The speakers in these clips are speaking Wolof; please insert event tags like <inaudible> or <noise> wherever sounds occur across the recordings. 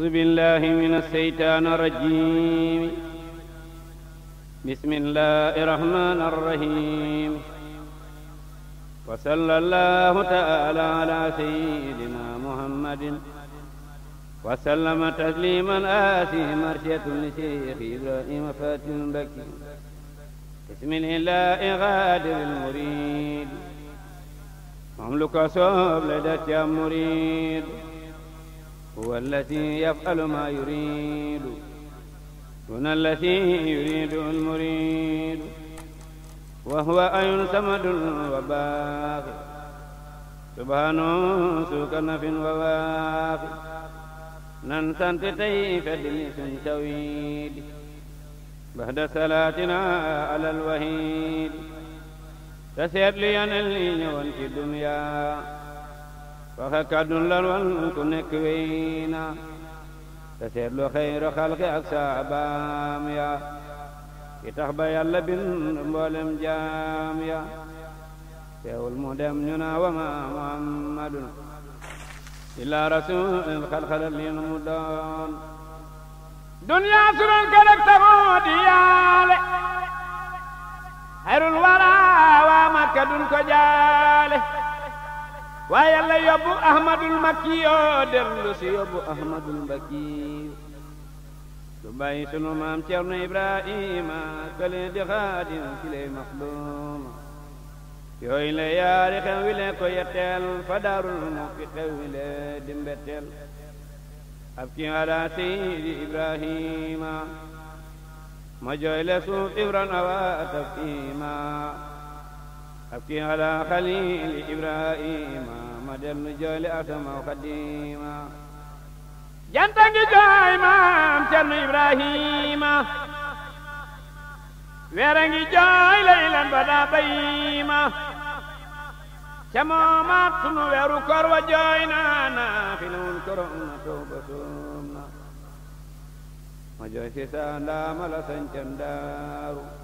أعوذ بالله من الشيطان الرجيم بسم الله الرحمن الرحيم وصلى الله تعالى على سيدنا محمد وسلم تسليما آتي مرشية لشيخ إبراهيم فاتح بكي بسم الله غادر المريد مملك صوب لدى المريد هو الذي يفعل ما يريد هنا الذي يريد المريد وهو أي سمد وباقي سبحانه سوك نف وواقي نن سنت تي فدل سنتويد بعد صلاتنا على الوحيد تسير لي أن الدنيا waxe kàddun lan wal ku nekk wey na te seetlu xayru ak saabaam ya ki tax ba yàlla bind mboolem jaam ya teewul mu dem ñu na wa ma muhammadun illa rasul xalxala lin mu doon dunya suran kalak taboo di yaale xayrul wara waa makka dun ko jaale waaye yàlla yóbbu ahmadul makki yoo dellu si yóbbu ahmadul mbakki lu bàyyi sunu maam ceerno ibrahima kële xaadim ci lay maxduma yaari xew ko yetteel fa daarul mu fi xew wi le ki ala seydi ibrahima ma jooy suuf ibran awa tafima أبكي على خليل إبراهيم ما جل جل أسمى قديما جنتك جاي مام جل إبراهيم ويرنجي جاي ليلا بدا بيما كما ما تنو ويرو كرو جاينا نافلون كرون توب سومنا ما جاي سيسان لا ملا سنجندارو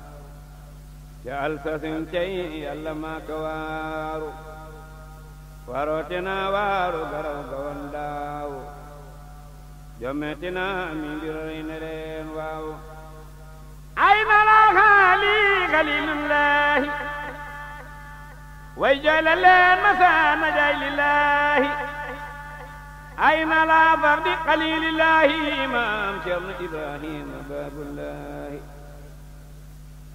ca alsasin cay yàlla maa ka waaru waroote naa waaru garaw ga wan daawu jommete naa mi mbiroy ne reen waawu ay malaakaali xalilullaahi way jooy la leen masaana jaay lillaahi ay na laa fardi xalilillaahi maam Cerno Ibrahima baabullaahi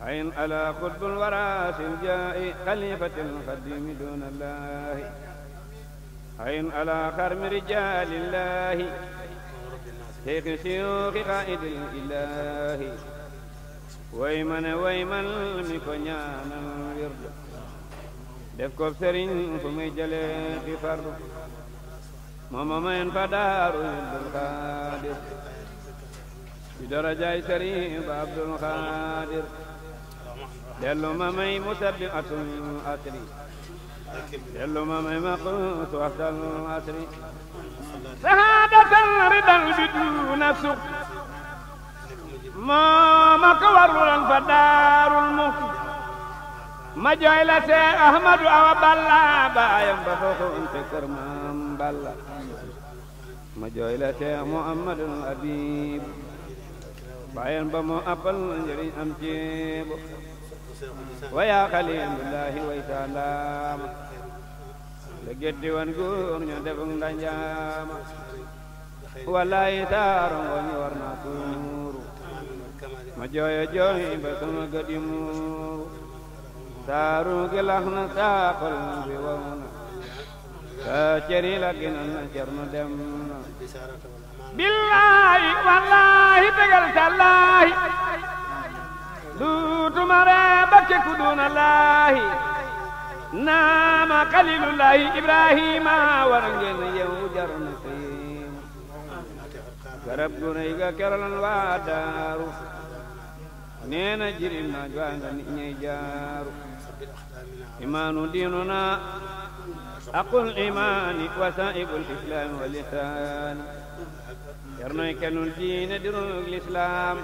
عين على قطب الوراس الجاء خليفة القديم دون الله عين على خرم رجال الله شيخ شيوخ قائد الإله ويمن ويمن مكن يانا ورد def ko sëriñ fu muy jëlee di fardu mooma mayen fa daaru Abdul Xaadir ci darajaay sëriñ ba Abdul Xaadir dellu ma may mutabbi atul asri dellu ma ridal bi duuna suq ma ko waruloon fa daarul mukk ma jooy la see ahmadu awa balla baayam ba fooxoon te kër maam balla ma jooy la see muhammadul abib baayam ba moo appal njëriñ am ceebu waya xalilullahi way salaama la getti wan góor ñu defuk ndajaama wallahi taarongo ñu war na tuuru ma jooyo jooyi ba sama gëdi taaru gi na saa xol bi na saa ceri la ginal na cer nu dem na billahi wallahi tegal sallahi duutuma ree bakke ku duuna laahi naama xalilullaahi ibrahima war ngeen yow jar na xiim garab gu rëy ga kerolan waa daaru nee na jirim naaj waa nga nit ñay jaaru imaanu diinuna aqul imaani wa saa'ibul islaami wa lisaani jar noy kenul diine dirug lislaam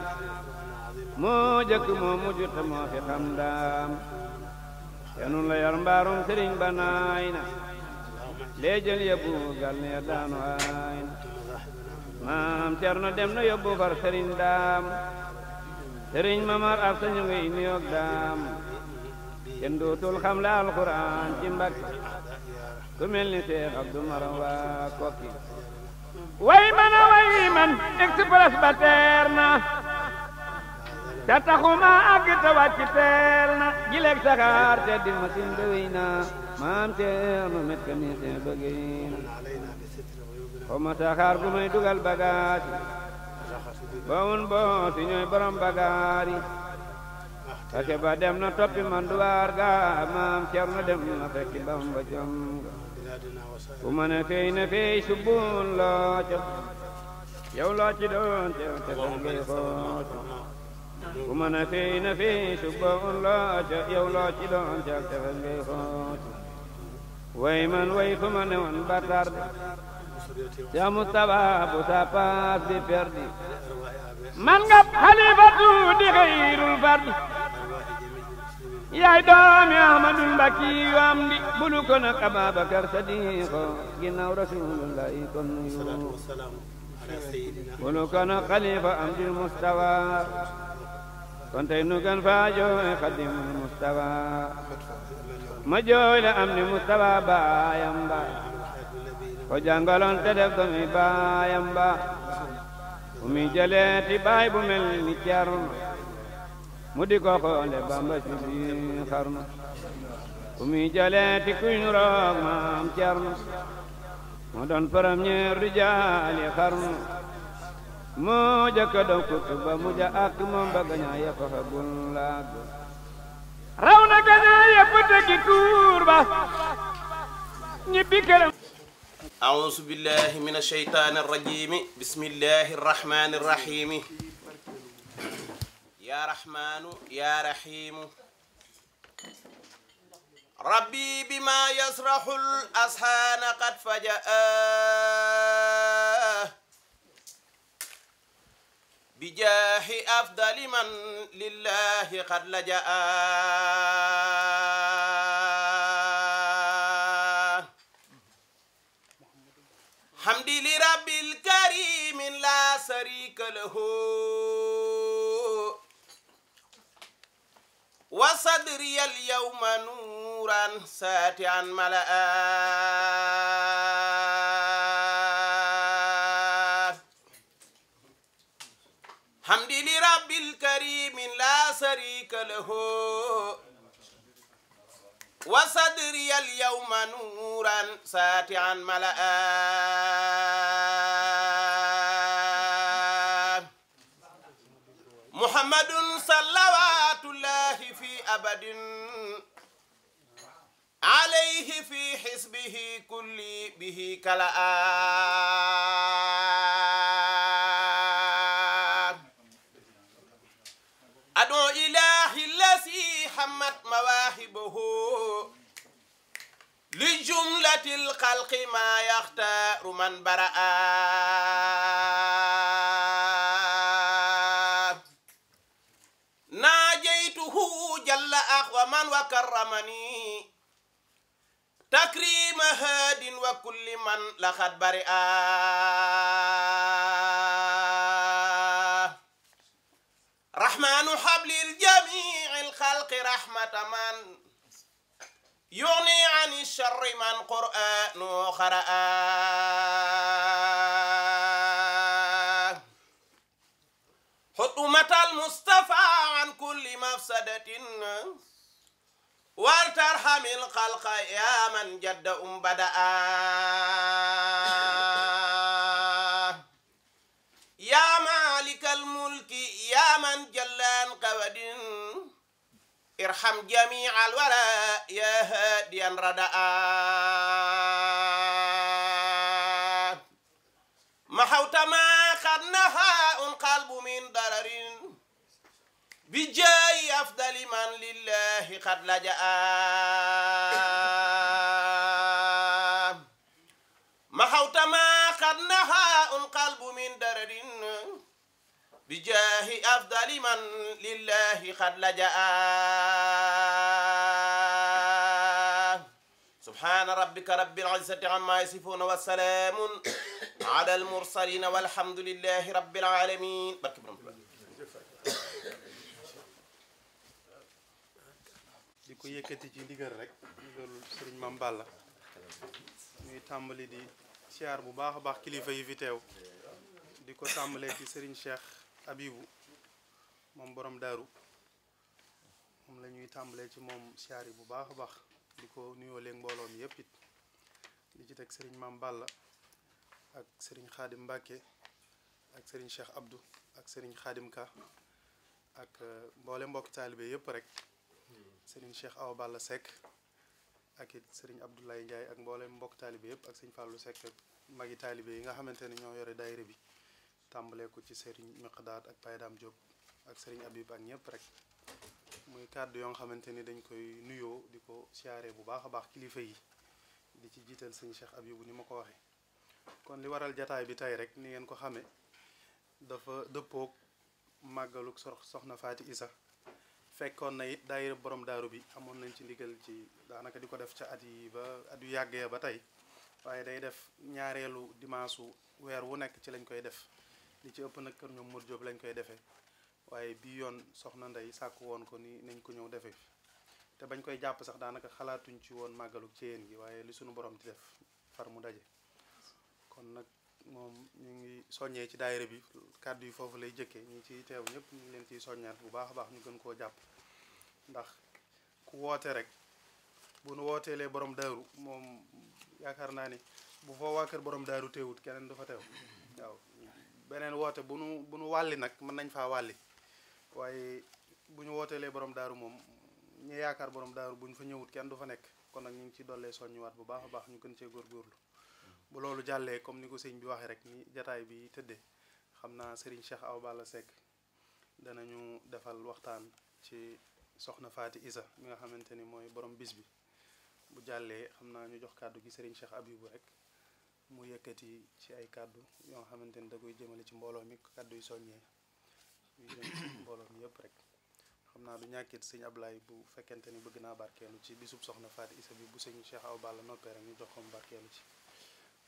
moo jëkk moo mujj te moo fi xam daam la yor mbaarum sëriñ ba naay na lee jël yóbbu gal ne daanu ay na maam Cerno dem na yóbbu far sëriñ daam sëriñ mamar ab sañu ngi nuyoog daam kenn dootul xam la alquran ci mbàkk ku mel ni Seex Abdu Maram waa kokki way man a way man express ba teer na te taxuma àgg te wàcc teel na jileeg saxaar te di masin de na maam ceerno met kamisin bëggéy na xoma saxaar gu may dugal bagaasi bawun booti ñooy borom bagaari parce que ba dem na toppi manduwaar ga maam ceerno dem na fekki bamba jom ga fu ma ne fey ne fey subbuun looco yow loo doon ceerno te dangay xooco ku mën a fey na fey suba loo ca yow loo ci doon ca tefe ngay xoot way man way ku ma ne woon ba tarde ca Mustafa bu sa paas di perdi man nga xalifatu di xayrul fardi yaay doomi ahmadul mbakki yu am di bulu ko nag ababakar sadiqo ginnaaw rasulullahi kon nuyu bulu ko xalifa am di mustawa kon tey nu gën faa jooy xadimul ma jooy la am ni mustafa baayam ba ko jàngaloon te def domi baayam ba bu mi jëlee ti baay bu ni Cerno mu di ko xoole bamba ci biir xarnu bu mi jëlee ti kuñ roog maam Cerno mu doon premier rijaali xarnu moo jëkka daw kuttu ba mujja ak moom ba gañaa ya faxa gun laa gun raw na gañaa ya fa tegi tuur ba ñibbi këram أعوذ بالله من الشيطان الرجيم بسم الله الرحمن الرحيم يا رحمن يا رحيم ربي بما يسرح الأسهان قد فجأه bijaahi afdali man lillahi qad lajaa hamdi li rabbil la sarika lahu wa sadri al yawma nuran malaa حمد لرب الكريم لا شريك له وصدري اليوم نورا ساتعا ملأ محمد صلوات الله في أبد عليه في حسبه كل به كلأ أدعو إلهي الذي حمت مواهبه لجملة الخلق ما يختار من برأ ناجيته جل أخوما وكرمني تكريم هاد وكل من لقد برئ rahmaanu hablil jamiil xalqi rahmataman yugni ani sharri man qur'aanu xara'a hutumatal mustafa an kulli mafsadatin wartarhamil xalqa ya man jadda um bada'a yaa man jallaan qawadin irham jamii al wara yaa haadiyan radaa ma xawta maa qad nahaa un qalbu min dararin bi jaayi afdali man lillahi qad lajaa ma xawta maa qad nahaa un qalbu min dararin bijaahi afdali man lillahi xad lajaa subhaana rabbika rabbil izzati ammaa yasifuuna wa salaamun alal mursaliina walhamdulillahi rabbil aalamiin barke borom Tuubaa di ko yëkkati ci ndigal rek loolu sëriñ Balla ñuy tàmbali di siyaar bu baax a baax kilifa yi fi ko tàmbalee sëriñ Cheikh abibu moom borom daaru moom la ñuy tàmbalee ci moom shari bu baax a baax di ko nuyoo léegi mbooloo mi yëpp it di ci teg sëriñ maam Balla ak sëriñ xaadim Mbàkke ak sëriñ Cheikh abdu ak sëriñ xaadim Ka ak euh, mboole mbokki taalibe yëpp rek sëriñ Cheikh Awa Balla Seck ak it sëriñ Abdoulaye Ndiaye ak mboole mbokk taalibe yëpp ak sëriñ Fallou Seck ak magi taalibe yi nga xamante ne ñoo yore daayira bi tàmbalee ko ci Serigne Miqdaad ak Baye Dame Diop ak Serigne Habib ak ñëpp rek muy kàddu yoo nga xamante ni dañ koy nuyoo di ko siyaare bu baax a baax kilifa yi di ci jiital sëñ Cheikh Habibou ni ma ko waxee. kon li waral jataay bi tey rek ni ngeen ko xame dafa dëppook màggaluk soxna Faati Isa fekkoon na it daayira borom daaru bi amoon nañ ci ndigal ci daanaka di ko def ca at yi ba at yu yàggee ba tey waaye day def ñaareelu dimanche weer wu nekk ci lañ koy def li ci ëpp nag kër ñoom Modou Diop lañ koy defee waaye bii yoon soxna Ndey sàkk woon ko nii nañ ko ñëw defee fi te bañ koy jàpp sax daanaka xalaatuñ ci woon màggalu ci Ceyeen gi waaye li suñu borom di def far mu daje kon nag moom ñu ngi soññee ci daayira bi kàddu yi foofu lay jëkkee ñi ciy teew ñëpp ñu ngi leen ciy soññaat bu baax a baax ñu gën koo jàpp ndax ku woote rek bu nu wooteelee borom daaru moom yaakaar naa ni bu foo waa kër borom daaru teewut keneen du beneen woote bu nu bu nu wàlli nag mën nañ faa wàlli waaye bu ñu wooteelee borom daaru moom ñu yaakaar borom daaru bu ñu fa ñëwut kenn du fa nekk kon nag ñu ngi ci dollee soññiwaat bu baax a baax ñu gën cee góorgóorlu bu loolu jàllee comme ni ko sëñ bi waxee rek ni jataay bi tëdde xam naa Serigne Cheikh Awa Balla dana ñu defal waxtaan ci soxna Faati Isa mi nga xamante ni mooy borom bis bi bu jàllee xam naa ñu jox kàddu gi Serigne Cheikh Abibou rek mu yëkkati ci ay kàddu yoo xamante ni da koy jëmale ci mbooloo mi kàddu yu soññee yu jëm ci mbooloo mi yëpp rek xam naa du ñàkkit sëñ Ablaye bu fekkente ni bëgg naa barkeelu ci bisub soxna Faati Isa bu sëñ Cheikh Awa Balla noppee rek ñu jox ko barkeelu ci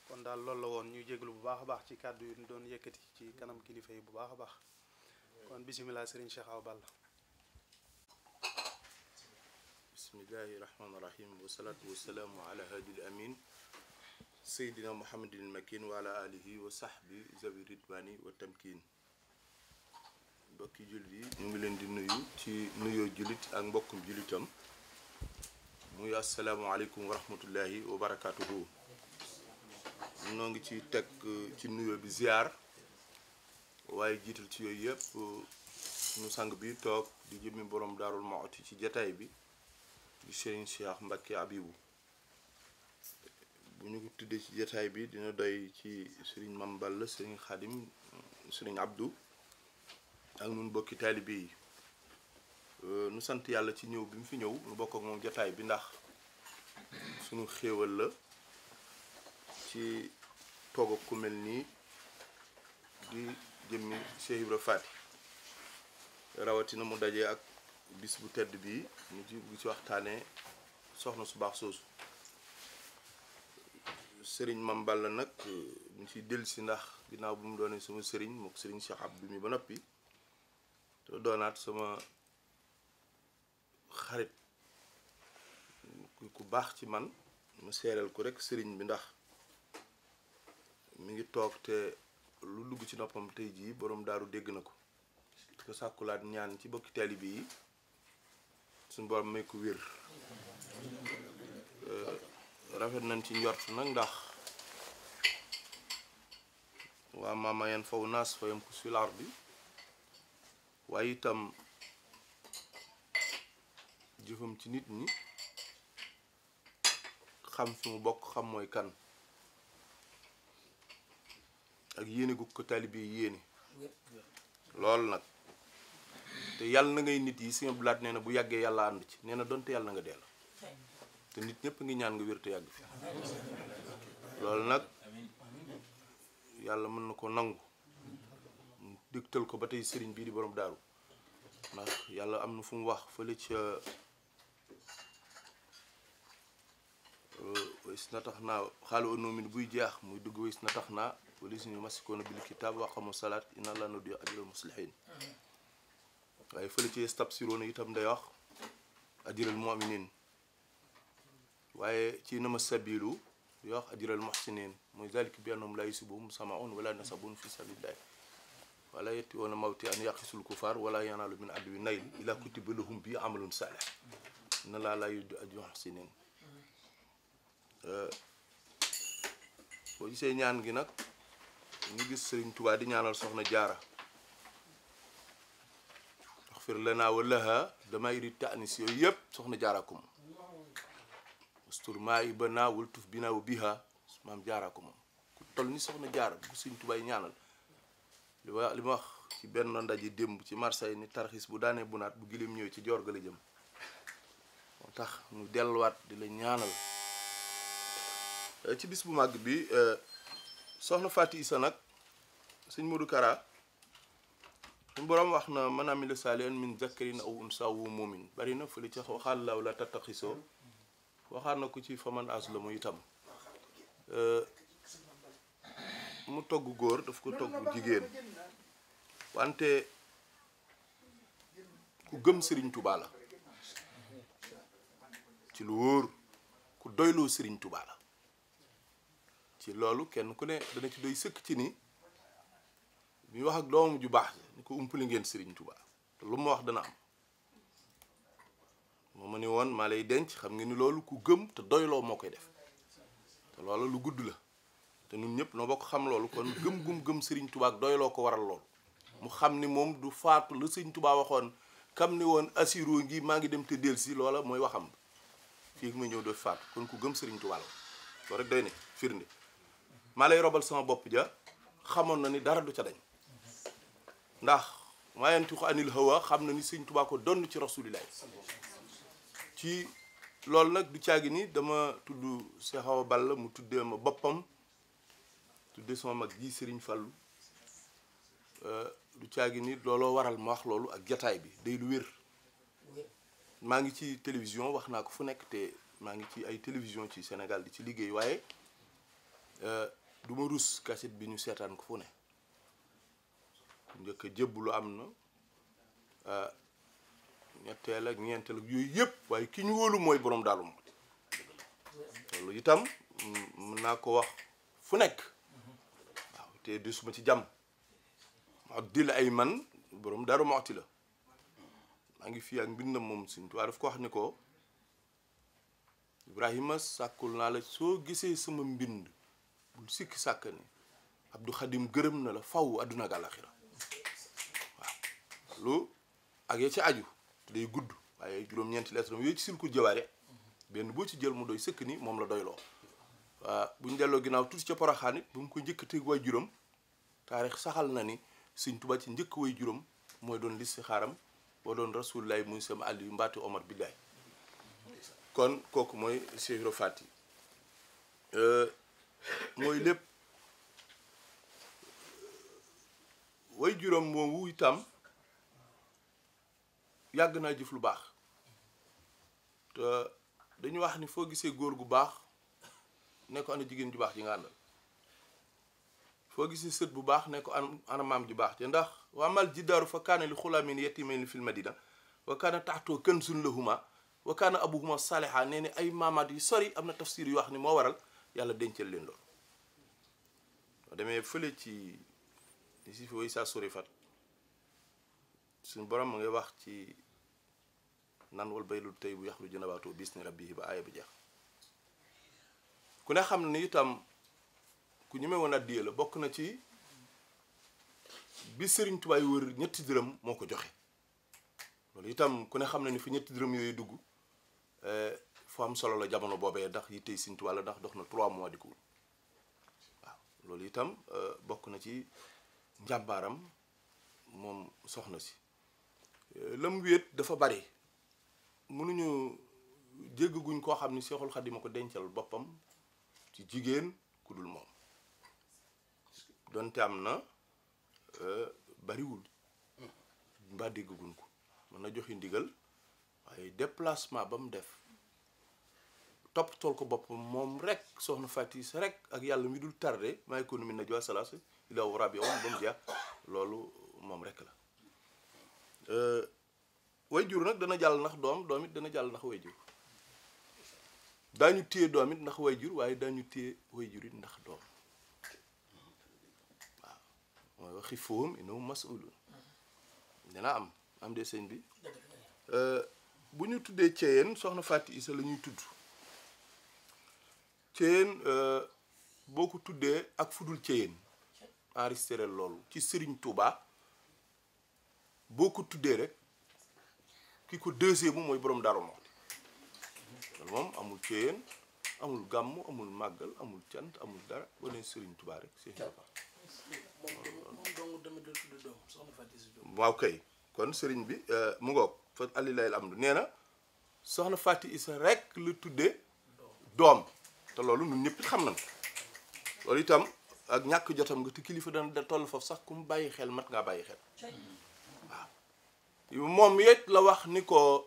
kon daal loolu la woon ñuy jéglu bu baax a baax ci kàddu yu doon yëkkati ci kanam kilifa yi bu baax a baax kon bisimilah sëriñ Cheikh Awa Balla bismillahi rahmaani rahim wasalaatu wasalaamu ala hadil amin seydina muhammadin makin wa ala alihi wa sahbi zawi ridwani wa tamkin mbokki jullit yi ñu ngi leen di nuyu ci nuyoo jullit ak mbokkum jullitam muy asalaamaaleykum wa rahmatullahi wa barakaatuhu noo ngi ci teg ci nuyoo bi ziar waaye jiital ci yooyu yëpp suñu sang bi toog di jëmmi borom daarul Mouhty ci jataay bi di Serigne Cheikh Mbacké Abibou bu ñu tuddee ci jataay bi dina doy ci sëriñ Mame Balla sëriñ Xadim sëriñ Abdou ak ñun bokki taalibe yi euh, nu sant yàlla ci ñëw bi mu fi ñëw nu bokk ak moom jataay bi ndax suñu xéewal la ci toog ak ku mel nii di jëmmi Cheikh Ibra rawatina mu daje ak bis bu tedd bii ñu ci bugg ci waxtaane soxna su baax soosu sëriñ mam Balla nag mu ci dellusi ndax ginnaaw bu mu doonee suma sëriñ mook sëriñ Cheikh Abdou mi ba noppi te doonaat sama xarit ku baax ci man mu seeral ko rek sëriñ bi ndax mu ngi toog te lu dugg ci noppam tey jii boroom daaru dégg na ko di ñaan ci bokki taalibe yi suñu borom may ko wér rafet nañ ci njort nag ndax waa maama yan faw naas fa ku silar bi waaye itam jëfam ci nit ñi xam fi mu bokk xam mooy kan ak yéene gu ko taalibe yéene loolu nag te yàlla na ngay nit yi si Abdu Lahat nee na bu yàggee yàlla ànd ci nee na donte yàlla na nga deel te nit ñëpp ngi ñaan nga wér te yàgg fi loolu nag yàlla mën na ko nangu digtal ko ba tey sëriñ bii di borom daaru ndax yàlla am na fu mu wax fële ca euh, wais na tax naa xaalu anomin buy jaax muy dugg wais na tax naa wala suñu masikoona bil kitaab waqamu salaat inna laa nudii'u ajral muslihiin waaye fële ca yastabsiroona itam day wax ajral mu'miniin waaye ci nama sabilu yoo wax ajral muhsinin mooy zalika bi annahum la yusibuhum samaun wala nasabun fi sabilillahi wala yetti woona mawti an yaqisul kufar wala yanaalu min adwi nayl ila kutiba lahum bi amalun salih na laa laa yuddi ajral muhsinin boo gisee ñaan gi nag ñu gis Sëriñ Tuubaa di ñaanal soxna jaara axfir lana wa laha dama iri taanis yooyu yëpp soxna jaara astur maa yi ba naawul wul tuf bi naa wu biha maam jaaraa ko moom ku toll ni soxna jaar bu suñ tubaay ñaanal li ma wax ci benn ndaje démb ci Marseille ni tarxis bu daanee bu naat bu gileem ñëwee ci joor ga la jëm moo tax mu delluwaat di la ñaanal ci bis bu màgg bi euh, soxna Faati Isa nag sëñ Modou Kara suñ borom wax na man amila saalihan min zakarin aw unsaa wa huwa muumin bari na fële ca waxaal laaw la tattaxisoo waxaan na ko ci faman as la mu itam mu togg góor daf ko togg jigéen wante ku gëm sëriñ Touba la ci lu wóor ku doyloo sëriñ tubaa la ci loolu kenn ku ne dana ci doy sëkk ci ni bi wax ak doomu ju baax ni ko umpali ngeen Serigne Touba te lu mu wax dana am moo ma ni woon maa lay denc xam nga ni loolu ku gëm te doyloo moo koy def te loolu lu gudd la te ñun ñëpp noo bokk xam loolu kon gëm gum gëm Serigne Touba doyloo ko waral loolu mu xam ni moom du faatu la Serigne Touba waxoon kam ni woon assiro ngi maa ngi dem te del si loola mooy waxam fii ma ñëw doo faatu kon ku gëm Serigne Touba la rek doy ne firnde maa lay robal sama bopp ja xamoon na ni dara du ca dañ ndax maayantixu anil hawa xam na ni Serigne Touba ko donn ci rasulilaay ci loolu nag du caagi ni dama tudd Cheikh Awa Balla mu tuddee ma boppam tuddee sama mag ji Serigne Fallou euh, du caagi ni looloo waral ma wax loolu ak jataay bi day lu wér maa ngi ci télévision wax naa ko fu nekk te maa ngi ci ay télévision ci Sénégal di ci liggéey waaye euh, duma rus kaset bi ñu seetaan ko fu ne njëkk jébbu lu am na euh, ñetteel ak ñeenteel ak yooyu yëpp waaye ki ñu wóolu mooy borom Daaru Muxti loolu itam mën naa ko wax fu nekk waaw te di suma ci jàmm wax ay man borom Daaru Muxti la maa ngi fii ak mbindam moom Sëñ Tuubaa daf ko wax ni ko Ibrahima sàkkul naa la soo gisee sama mbind bul sikki sàkk ni Abdou Khadim gërëm na la faw àdduna ak àllaaxira waaw lu ak ya ci aju day gudd waaye juróom-ñeenti lettre yooyu ci silku jawaare benn boo ci jël mu doy sëkk ni moom la doyloo waaw bu ñu delloo ginnaaw tuuti ca Poroxaan it bu mu ko njëkk teg waay juróom taarix saxal na ni Sëñ Tuubaa ci njëkk way juróom mooy doon listixaaram boo doon rasulilaay muy sama àll yu mbaati Omar billaay kon kooku mooy Cheikh Ibra Faty lépp way juróom itam yàgg naa jëf lu baax te dañu wax ni foo gisee góor gu baax ne ko ana jigéen ju baax ji nga àndal foo gisee sët bu baax ne ko ana maam ju baax te ndax waa mal jiddaaru fa kaana li xulaamin yatiimayni fil madina wa kaana taxtoo kanzun lahuma wa kaana abuhuma saliha nee ni ay maamaat yu sori am na tafsir yu wax ni moo waral yàlla dencal leen loolu demee fële ci si fi way saa sori fat suñu borom mu ngi wax ci nan wal baylul tey bu yaxlu jënabaatoo bis ni rabbihi ba aaya ba jeex ku ne xam ni itam ku ñeme woon addiye la bokk na ci bi Sëriñ Tuubaa wër ñetti moo ko joxe loolu itam ku ne xam na ni ñetti dërëm yooyu dugg eh, foo am solo la jamono boobee ndax yi tey Sëriñ Tuubaa ndax dox na trois mois di ko waaw loolu itam eh, bokk na ci njàmbaaram moom soxna si lam wéet dafa bari mënuñu jéggaguñ koo xam ni Seexul Xadiim ko dencal boppam ci jigéen ku dul moom donte am na euh, bariwul mbaa déggaguñ ko mën na joxe ndigal waaye déplacement ba mu def toppatool ko boppam moom rek soxna Fatis rek ak yàlla mi dul tardé ma économie na jox salaas ilaa warab yow ba mu jeex loolu moom rek la Euh, jur nag dana jàll ndax doom doom it dana jàll ndax wayjur daañu téye doom it ndax wayjur waaye dañu téye wayjur it ndax doom waaw mooy waxi fóom innahu mas'ulun dina am am de sëñ bi euh, bu ñu tuddee Ceyeen soxna Fatou Issa la tudd Ceyeen euh, boo ko tuddee ak fudul Ceyeen enregistré loolu ci Serigne Touba. boo ko tuddee rek ki ko deuxième mooy borom Darou Mouhty loolu moom amul céyeen amul gàmm amul màggal amul cant amul dara boo nee Serigne Touba rek Serigne kon Serigne bi euh, mu ngoog fa alilayl am nee na soxna Fati Isa rek la tuddee doom te loolu ñun ñëpp xam na ko loolu itam ak ñàkk jotam nga te kilifa dana da toll foofu sax ku mu bàyyi xel mat ngaa bàyyi xel moom yet la wax ni ko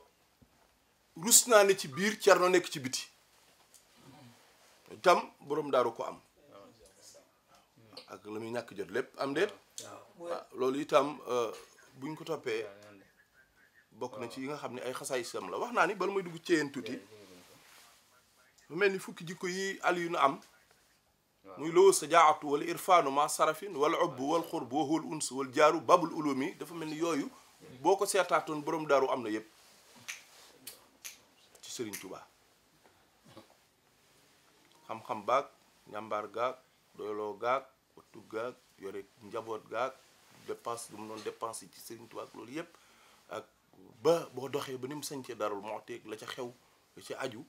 rus naa ne ci biir Cerno nekk ci biti tam boroom daaru ko am ak la muy ñàkk jot lépp am déet waaw ah, loolu itam euh, buñ ko toppee bokk na ci yi nga xam ne ay xasaay sam la wax naa ni bala may dugg ceyeen tuuti mu mel ni fukki jikko yi aliyu na am muy lowo sa jaatu wala irfaanu ma sarafin wala obb wal xurb waxul uns wal jaaru babul ulumi dafa mel ni yooyu boo ko seetaatoon borom daaru am na yëpp ci Serigne Touba xam-xam baag ñambaar gaag doyloo gaag wattu gaag yore njaboot gaag dépense lu mu doon dépense ci Serigne Touba ak loolu yëpp ak ba boo doxee ba ni mu sañcee darul moo teeg la ca xew la ca aju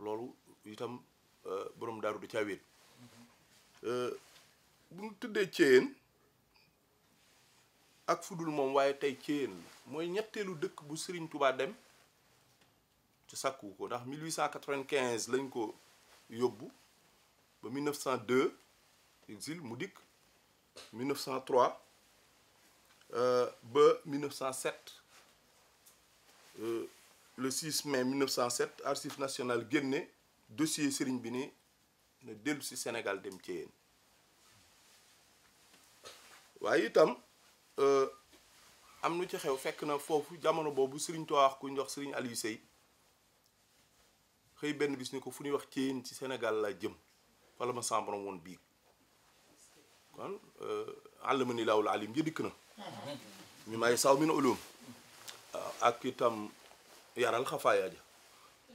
loolu itam euh, borom daaru du caa wéet euh, bu ñu tuddee Thiéyène ak fudul moom waaye tey Céyeen mooy ñetteelu dëkk bu Serigne Touba dem ci sàkku ko ndax 1895 lañ ko yóbbu ba 1902 exil mu dikk 1903 euh, ba 1907 euh, le 6 mai 1907 archives nationales génne dossier Serigne bi ni na dellu si Sénégal dem Céyeen waaye itam. Euh, am nu ci xew fekk na foofu jamono boobu Serigne Touba wax ku ñu wax Serigne xëy benn bis ni ko fu ñuy wax Thièyène ci Sénégal la jëm fa la ma sàmbaram woon biig kon euh, àll ma ni laawul alim ja dikk na mi may saw mi na ulum waaw ak itam yaral xafaaya ja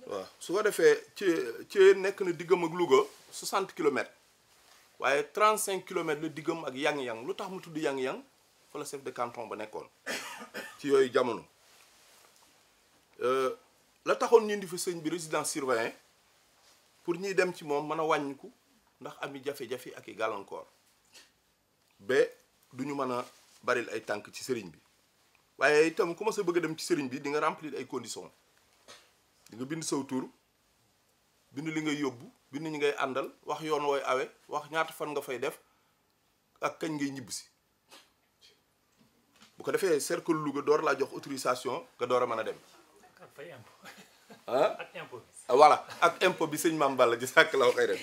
waaw su ko defee ci Thièyène nekk na diggam ak Louga 60 kilomètres waaye 35 kilomètres la diggam ak yang-yang lu tax mu tudd yang-yang fa la chef de canton ba nekkoon ci yooyu jamono euh, la taxoon ñu indi fi sëñ bi résidence surveillée pour ñuy dem ci moom mën a wàññiku ndax ami jafe-jafe ak i gàllankoor ba du ñu mën a baril ay tànk ci sëriñ bi waaye itam ku ma sa bëgg a dem ci sëriñ bi di nga remplir ay conditions di bind saw tur bind li ngay yóbbu bind ñi ngay àndal wax yoon wooy awe wax ñaata fan nga fay def ak kañ ngay ñibb si bu ko defee cercle Louga door laa jox autorisation nga door a mën a dem. <laughs> ah ak impôt bi sëñ Mame Balla ji sàkk la waxee rek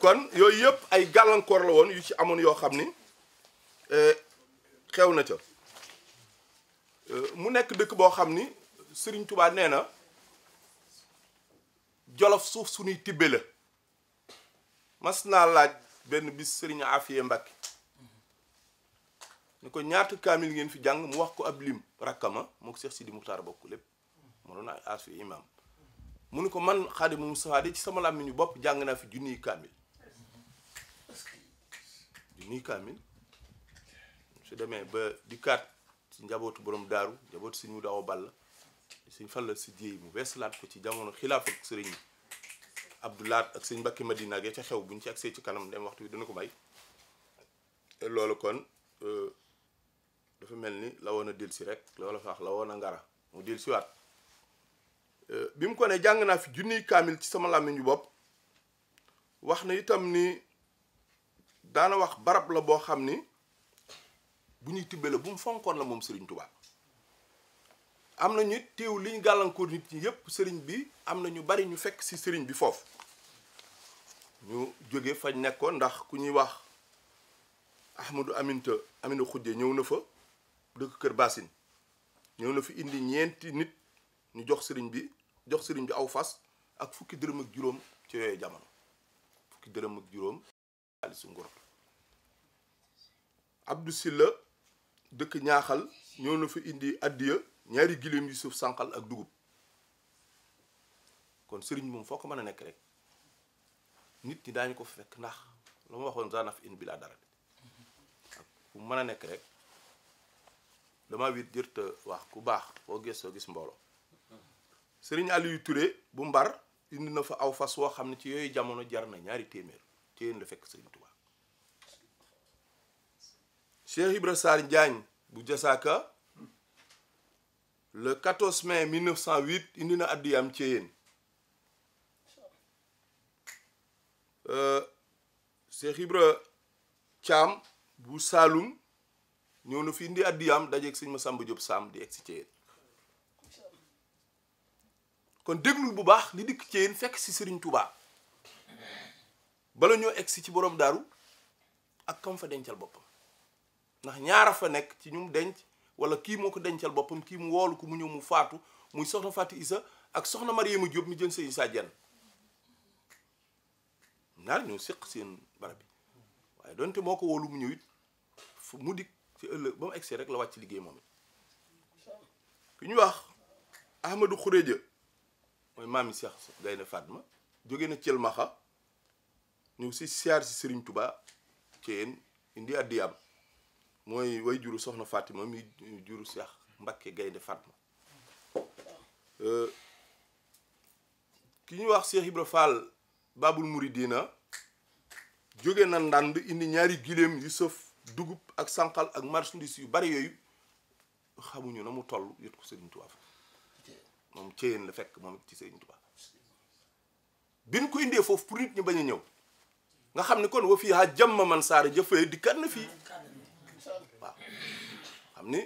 kon yooyu yëpp ay gàllankoor la woon yu ci amoon yoo xam ni eh, xew na ca eh, mu nekk dëkk boo xam ni Serigne Touba nee na jolof suuf suñuy tibbe la mas naa laaj benn bis Serigne Afia Mbacke ni ko ñaata kaamil ngeen fi jàng mu wax ko ab lim rakkama moo ko Cheikh Sidi Moukhtar bokk lépp moo doon aas fi imam mu ni ko man Xaadimu Mustafaa de ci sama làmmiñu bopp jàng naa fi junniy kaamil junniy su demee ba di kaat ci njabootu borom daaru njabootu suñu daaw ball suñ fal la si jéey mu laat ko ci jamono xilaaf ak sëriñ Abdoulaat ak sëñ Mbacke Madina ak ya ca xew buñ ci agsee ci kanam dem waxtu bi dana ko may loolu kon euh, dafa mel ni la woon a delsi rek loola fa wax la woon a ngara mu delsiwaat euh, bi mu ko ne jàng naa fi junniy kaamil ci sama làmmiñu bopp wax na itam ni daana wax barab la boo xam ni bu ñuy tibbee la bu mu fonkoon la moom Serigne Touba am na ñu teew liñ gàllankoor nit ñi yépp sëriñ bi am na ñu bari ñu fekk ci sëriñ bi foofu ñu jóge fañ nekkoon ndax ku ñuy wax Ahmadou Aminta Amina Xujje ñëw na fa dëkk Kër baasin ñëw na fi indi ñeenti nit ñu jox sëriñ bi jox sëriñ bi aw fas ak fukki dërëm ak juróom ci yooyu jamono fukki dërëm ak juróom xaalisu la dëkk ñaaxal ñëw na fi indi addiya ñaari giléem yi suuf sànqal ak dugub kon sëriñ moom foo ko mën a nekk rek nit ñi daañu ko fekk ndax la ma waxoon zanaf indi bi laa dara bi ak mën a nekk rek dama wit jërta wax ku baax foo gëstoo gis mbooloo sëriñ Aliou Touré bu mbar indi na fa aw fas woo xam ne ci yooyu jamono jar na ñaari téeméer ci yéen fekk sëriñ Touba Cheikh Ibra Sarr Diagne bu Jasaaka le 14 mai 1908 indi na àddiyaam ci yéen euh, Cheikh Ibra Thiam bu Saloum ñëw na fi indi addiyaam dajeeg sëñ Masamba Diop Samb di egg si Thièyeen kon déglul bu baax li dikk Thièyeen fekk si sëriñ tubaab bala ñoo egg si ci boroom daaru ak kam fa dencal boppam ndax ñaara fa nekk ci ñum denc wala kii moo ko dencal boppam kii mu woolu ko mu ñëw mu faatu muy soxna Fatou Issa ak soxna Mariama Diop mi jën sëñ Issa Diène naar ñoo séq seen barab bi waaye donte moo ko woolu mu ñëw it mu dikk ci ëllëg ba mu egsee rek la wàcc liggéey moom it ku ñu wax Ahmadou Khourédia mooy maami Cheikh Gaynde Fatma jóge na Thiel Maxa ñëw si siyaar si Serigne Touba Thièyeen indi àddiyaam mooy way juru soxna Fatima mi juru seex Mbacké Gaynde Fatma euh, ki ñuy wax Cheikh Ibra Fall Babul Mouridina jóge na ndànd indi ñaari gileem yu sëf dugub ak sanqal ak marchandise yu bari yooyu xamuñu na mu toll yot ko Serigne Touba moom ceyeen la fekk moom ci Serigne Touba bi ñu ko indee foofu pour nit ñi bañ a ñëw nga xam ne kon wa fii ha jàmm man saara jëfee di kan na fii waaw xam ni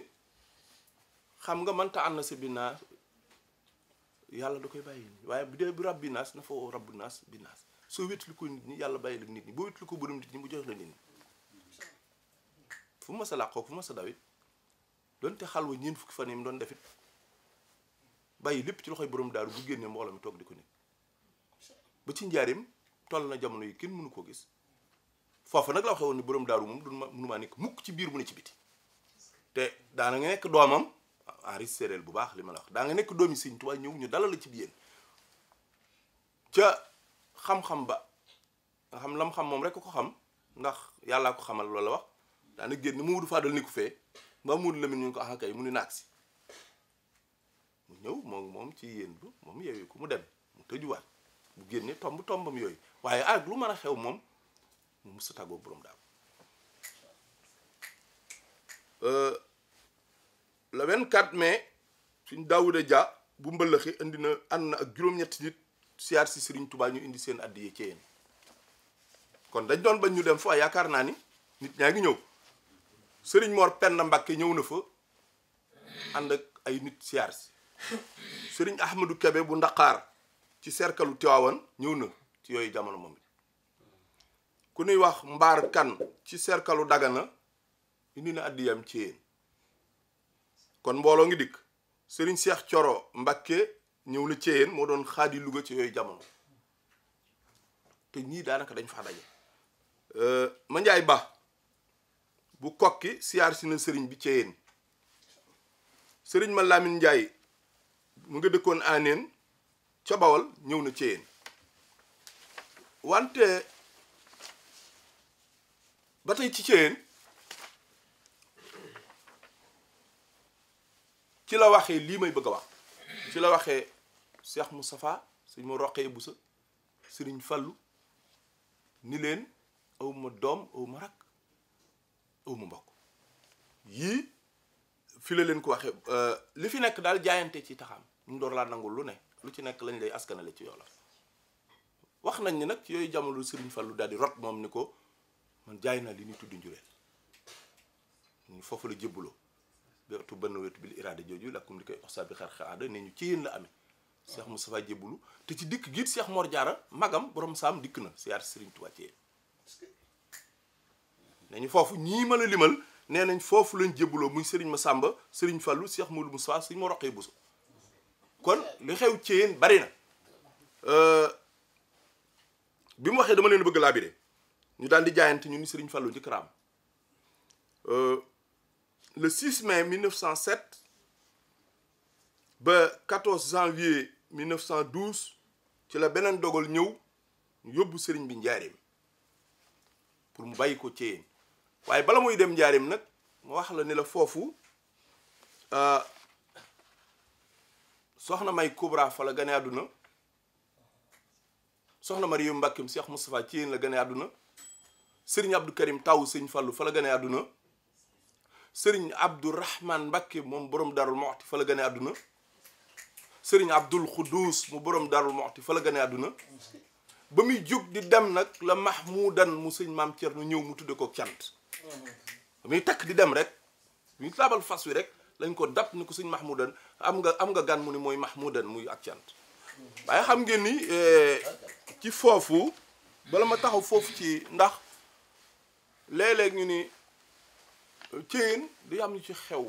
xam nga am na si binnaas yàlla da koy bàyyi waaye bu dee bu rab bi naas na fa rabbu naas bi naas soo wétlu ko nit ñi yàlla bàyyi la nit ñi boo wétlu ko borom nit ñi mu jox la nit ñi fu ma sa làqoo fu ma sa dawit donte xalwa ñeen fukki fan yi mu doon defit bay lépp ci loxoy borom daaru bu génnee mbooloo mi toog di ko nekk ba ci njaarim toll na jamono yi kenn mënu koo gis foofu nag la waxee woon ni borom daaru moom du ma mënu maa nekk mukk ci biir mu ne ci biti te daana nga nekk doomam enri séréel bu baax li ma la wax daa nga nekk doomi Sëñ Tuubaa ñëw ñu dalal la ci biir ca xam-xam ba nga xam lam xam moom rek ko xam ndax yàllaa ko xamal loola wax daana génn Mamadou Fadal ni ko fee mbaa Mamadou Lamine ñu ko ax ah, kay mu ni naag si mu ñëw moom moom ci yéen bu moom yeewu ko mu dem mu tëjuwaat mu génne tomb tombam yooyu waaye ak lu mën a xew moom mu mës a tàggoo borom daal euh, le 24 mai suñ Daawuda Dia bu mbëllëxi indi na ànd na ak juróom-ñetti nit siyaar si Serigne Touba ñu indi seen addiye ci yéen kon dañ doon bañ ñu dem fa yaakaar naa ni nit ñaa ngi ñëw sëriñ Mor Penda Mbacke ñëw na fa ànd ak ay nit siyaar si sëriñ Ahmadou Kebe bu Ndaqaar ci cercle Tiwaawan ñëw na ci yooyu jamono moom it ku nuy wax Mbaar Kan ci serkalu Dagana indi na addiyam ci yéen kon mbooloo ngi dikk sëriñ Cheikh Coro mbakke ñëw na ci moo doon xaadi Louga ci yooyu jamono te ñii daanaka dañ fa daje euh, ma Njaay Ba bu kokki siyaar si na sëriñ bi ceyeen sëriñ ma Lamine Ndiaye mu nga dëkkoon aaneen ca bawal ñëw na ceyeen wante ba tey ci ceyeen ci la waxee lii may bëgg a wax ci la waxee Cheikh Moustapha sëñ ma roqee bu sa sëriñ Fallu ni leen awma doom awma rakk awma mbokk yii fi la leen ko waxee euh, li fi nekk daal jaayante ci taxaam ñu door laa nangul lu ne lu ci nekk lañ lay askanale ci yoola wax nañ ni nag ci yooyu jamono Serigne Fallou daal di rot moom ni ko man jaay naa li ñuy tudd njureel foofu la jébbaloo ba waxtu benn wetu bi li iraada jooju lakkum di koy oxsa bi xar aada ne ñu ci yéen la amee Cheikh Moustapha jébbalu te ci dikk giit seex Mor Diarra magam borom saam dikk na siyaar Serigne Touba ci nañu foofu ñii ma a limal nee nañ foofu lañ jébbaloo muy Serigne Massamba Serigne Fallou Cheikh Moudou Moussa Serigne ma roqee Bousso kon lu xew ci yéen bari na euh, bi mu waxee dama leen bëgg laa biree ñu daal di jaayant ñu ni Serigne Fallou njëkk raam euh, le 6 mai 1907 ba 14 janvier 1912 ci la beneen dogal ñëw ñu yóbbu sëriñ bi njaareem pour mu bàyyi ko ci waaye bala muy dem njaarim nag ma wax la ne la foofu euh, soxna may Kubra fa la gane àdduna soxna Mariyu Mbàkkim seex Moustapha ci yéen la gane àdduna sëriñ Abdou Karim taw sëñ Fallu fa la gane àdduna sëriñ Abdourahman Mbàkke moom borom Darul Moxti fa la gane àdduna sëriñ Abdul Xudduus mu borom Darul Moxti fa la gane àdduna ba muy jóg di dem nag la Mahmoudan mu sëñ maam Cerno ñëw mu tudde ko cant muy takk di dem rek muy taabal fas wi rek lañ ko dab ni ko suñ mahmudan am nga am nga gan mu ni mooy mahmudan muy ak cant waaye xam ngeen ni eh, ci foofu bala ma taxaw foofu ci ndax léeg-léeg ñu ni céyeen day am ñu ci xew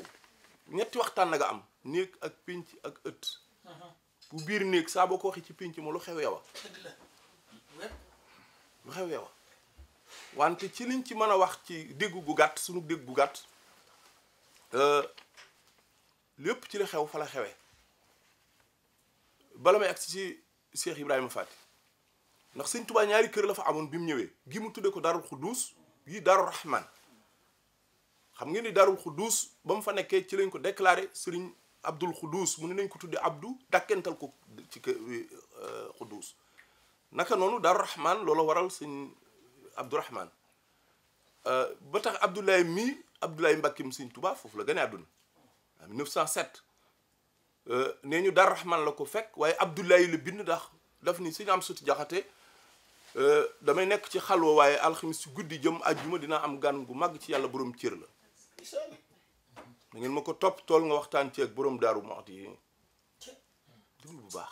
ñetti waxtaan la nga am néeg ak pinc ak ëtt bu biir néeg saa boo ko waxee ci pinc ma lu xew yow a lu xew yow wante ci liñ ci mën a wax ci dégg gu gàtt sunu dégg gu gàtt euh, lépp ci la xew fa la xewee bala may agsi ci Cheikh Ibrahima Fati ndax sëñ Tuubaa ñaari kër la fa amoon bi mu ñëwee gi mu tuddee ko Daarul Xudduus yi Daarul Rahman xam ngeen ni Daarul Xudduus ba mu fa nekkee ci lañ ko déclaré sëriñ Abdul Xudduus mu ne nañ ko tudde Abdou dàkkental ko ci kër euh, Xudduus naka noonu Daarul Rahman loola waral sëñ Abdourahman euh, ba tax Abdoulaye mii Abdoulaye Mbacke mu Sëriñ Tuubaa foofu la gane àdduna en 1907 euh, nee ñu Daaru Rahman la ko fekk waaye Abdoulaye la bind ndax daf ni suñu am suti jaxate damay nekk ci xalwa waaye alxamis si guddi jëm àjjuma dinaa am gan gu màgg ci yàlla boroom cër la da ma ko topp tool nga waxtaan ci ak borom daaru moo yi déglu bu baax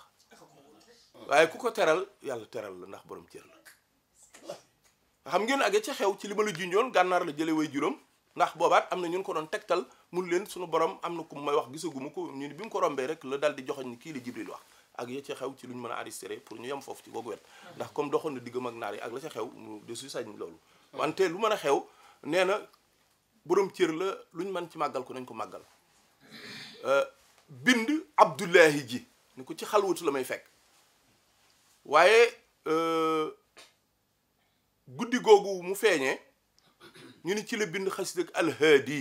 waaye ku ko teral yàlla teral la ndax borom cër la xam ngeen ak ci xew ci li ma la junjoon gànnaar la jële way juróom ndax boobaat am na ñun ko doon tegtal mun leen sunu borom am na ku may wax gisaguma ko ñu ni bi mu ko rombee rek la dal di joxoñ ni kii la Jibril wax ak ya ca xew ci lu ñu mën a arrêté pour ñu yem foofu ci googu wet ndax comme doxoon na diggam ak naar yi ak la ca xew mu desu sañ loolu wante lu mën a xew nee na borom cër la lu ñu mën ci màggal ko nañ ko màggal euh, bind Abdullahi ji ni ko ci xalwatu la may fekk waaye euh, guddi googu mu feeñee ñu ni ci la bind xasida ak alhaadi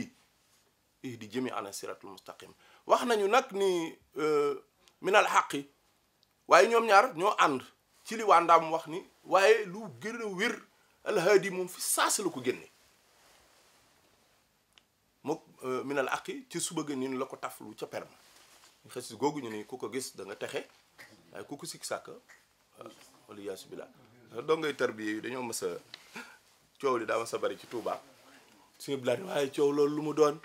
di jëmi ana siratul mustaqim wax nañu nag ni euh, minal xaqi waaye ñoom ñaar ñoo ànd ci li waa wax ni waaye lu gën a wér moom fi saas la ko génne mook euh, minal xaqi ci suba ga ñu la ko taflu ca perma xasida googu ñu ni ku ko gis da texe waaye ku ko sikk sàkk wala yaasu billah dongay tarbiya yi dañoo mës a coow li daa mës bari ci Touba suñu bilaat waaye coow loolu lu mu doon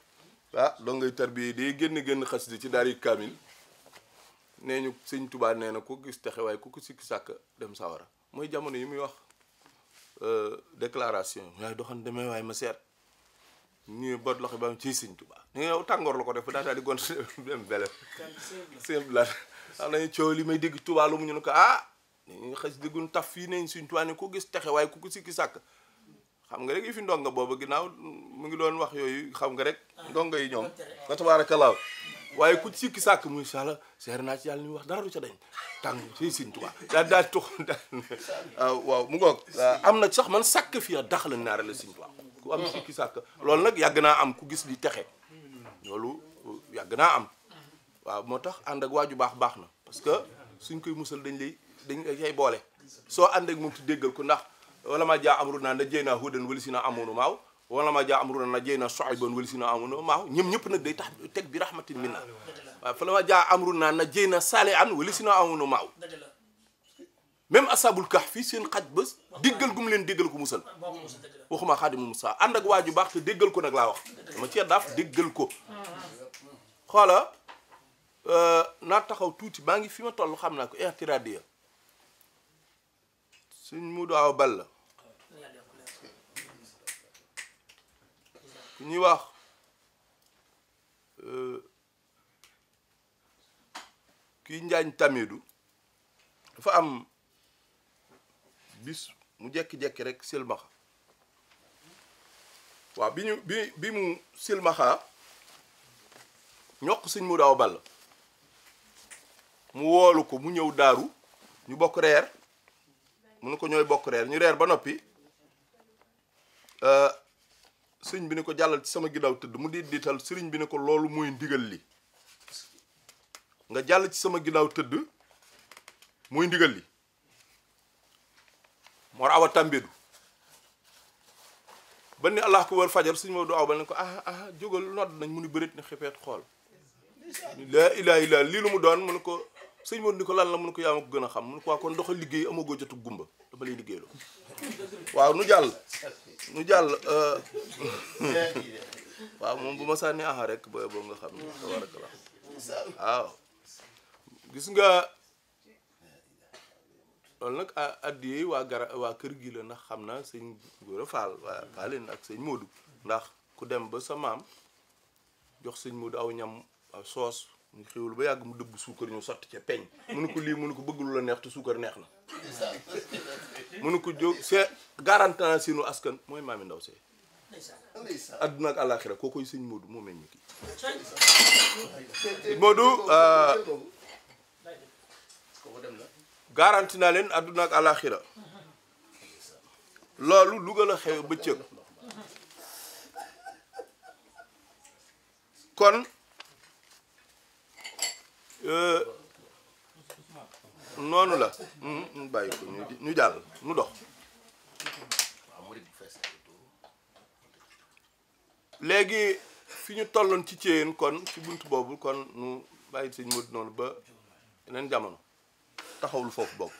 ah dongay tarbiya yi day génn génn xasida ci daari kaamil nee ñu sëñ Touba nee na ku gis texe waaye ku ko sikki sàkk dem sawara mooy jamono yi muy wax euh, déclaration waaye doxan demee waaye ma seet ñu boot loxo ba ci sëñ Touba ñu ngi yow tàngoor la ko def daa daal di gont <laughs> dem bele sëñ bilaat coow li may dégg Touba lu mu ñu ne ko ah dañuy xas diggun taf fii nañ suñ tuwaa ne ko gis texe waaye ku ko sikki sàkk xam nga rek yi fi ndonga boobu ginnaaw mu ngi doon wax yooyu xam nga rek ndonga yi ñoom fa tabarakallah waaye ku sikki sàkk muy sala seer naa yàlla ni wax dara ca dañ tàng si sin tuba daal daal tux daal ah, waaw mu ngoog ah, am na sax man sàkk fii a dax la naara la sin tuba ku am sikki sàkk loolu nag yàgg naa am ku gis li texe loolu yàgg naa am waaw moo tax ànd ak waaju baax baax na parce que suñ koy musal dañ lay dañ ay boole soo ànd ak moom ti déggal ko ndax wala ma jaa amru naa na jëy naa hudan wali si naa amoonu maaw wala ma jaa amru na jëy naa soxiban ñëpp nag day tax teg bi rahmatin minna waaw fa la ma jaa amru naa na jëy naa saale an wali si naa amoonu maaw même asabul kax fii seen xaj bés déggal gum leen déggal ko musal waxuma xaadimu musa ànd ak waa ju baax te déggal ko nag laa wax dama cee daaf déggal ko xoola euh, naa taxaw tuuti baa ngi fi ma toll xam naa ko irtiradiya siñ mu aw ball ku ñuy wax euh, kii njaañ tamidu dafa am bis mu jekki-jekki rek silmaxa waaw bi ñu bi bi mu silmaxa ñokk suñ mu daaw ball mu woolu ko mu ñëw daaru ñu bokk reer munu ko ñooy bokk reer ñu reer ba noppi euh, sëriñ bi ni ko jàllal ci sama ginnaaw tëdd mu di diital sëriñ bi ne ko loolu muy ndigal li nga jàll ci sama ginnaaw tëdd muy ndigal li Mor Awa Tambédou ba ni allah ko wër fajar suñu ma du aw ba ne ko ah ah jógal nodd nañ mu ni bërit ni xifeet xool laa ilaa ilaa lii lu mu doon mu ne ko sëñ Modou ni ko lan la mun ko yaa ko gën a xam mun ko waa kon doxal liggéey amagoo jotu gumba dama lay liggéeyloo waaw nu euh, <laughs> xam ne nga loolu nag ah, addiyey waa gara waa kër gii la ndax xam na sëñ Gora Fall waa Faaleen ak sëñ Modou ndax ku dem ba sa maam jox sëñ Modou aw ñam soos mu xéwlu ba yàgg mu dëbb suukar ñu sotti ca peñ munu ko lii munu ko bëgg lu la neex te suukar neex na munu ko jóg askan mooy maami ndaw see adduna ak àllaaxira koo euh, garanti naa leen àdduna ak àllaaxira loolu Louga la xew bëccëg kon Euh, noonu la bàyyi jàll ñu dox léegi fi ñu tolloon ci céyeen kon ci bunt boobu kon nu bàyyi sëñ Modou noonu ba yeneen jamono taxawul foofu bokk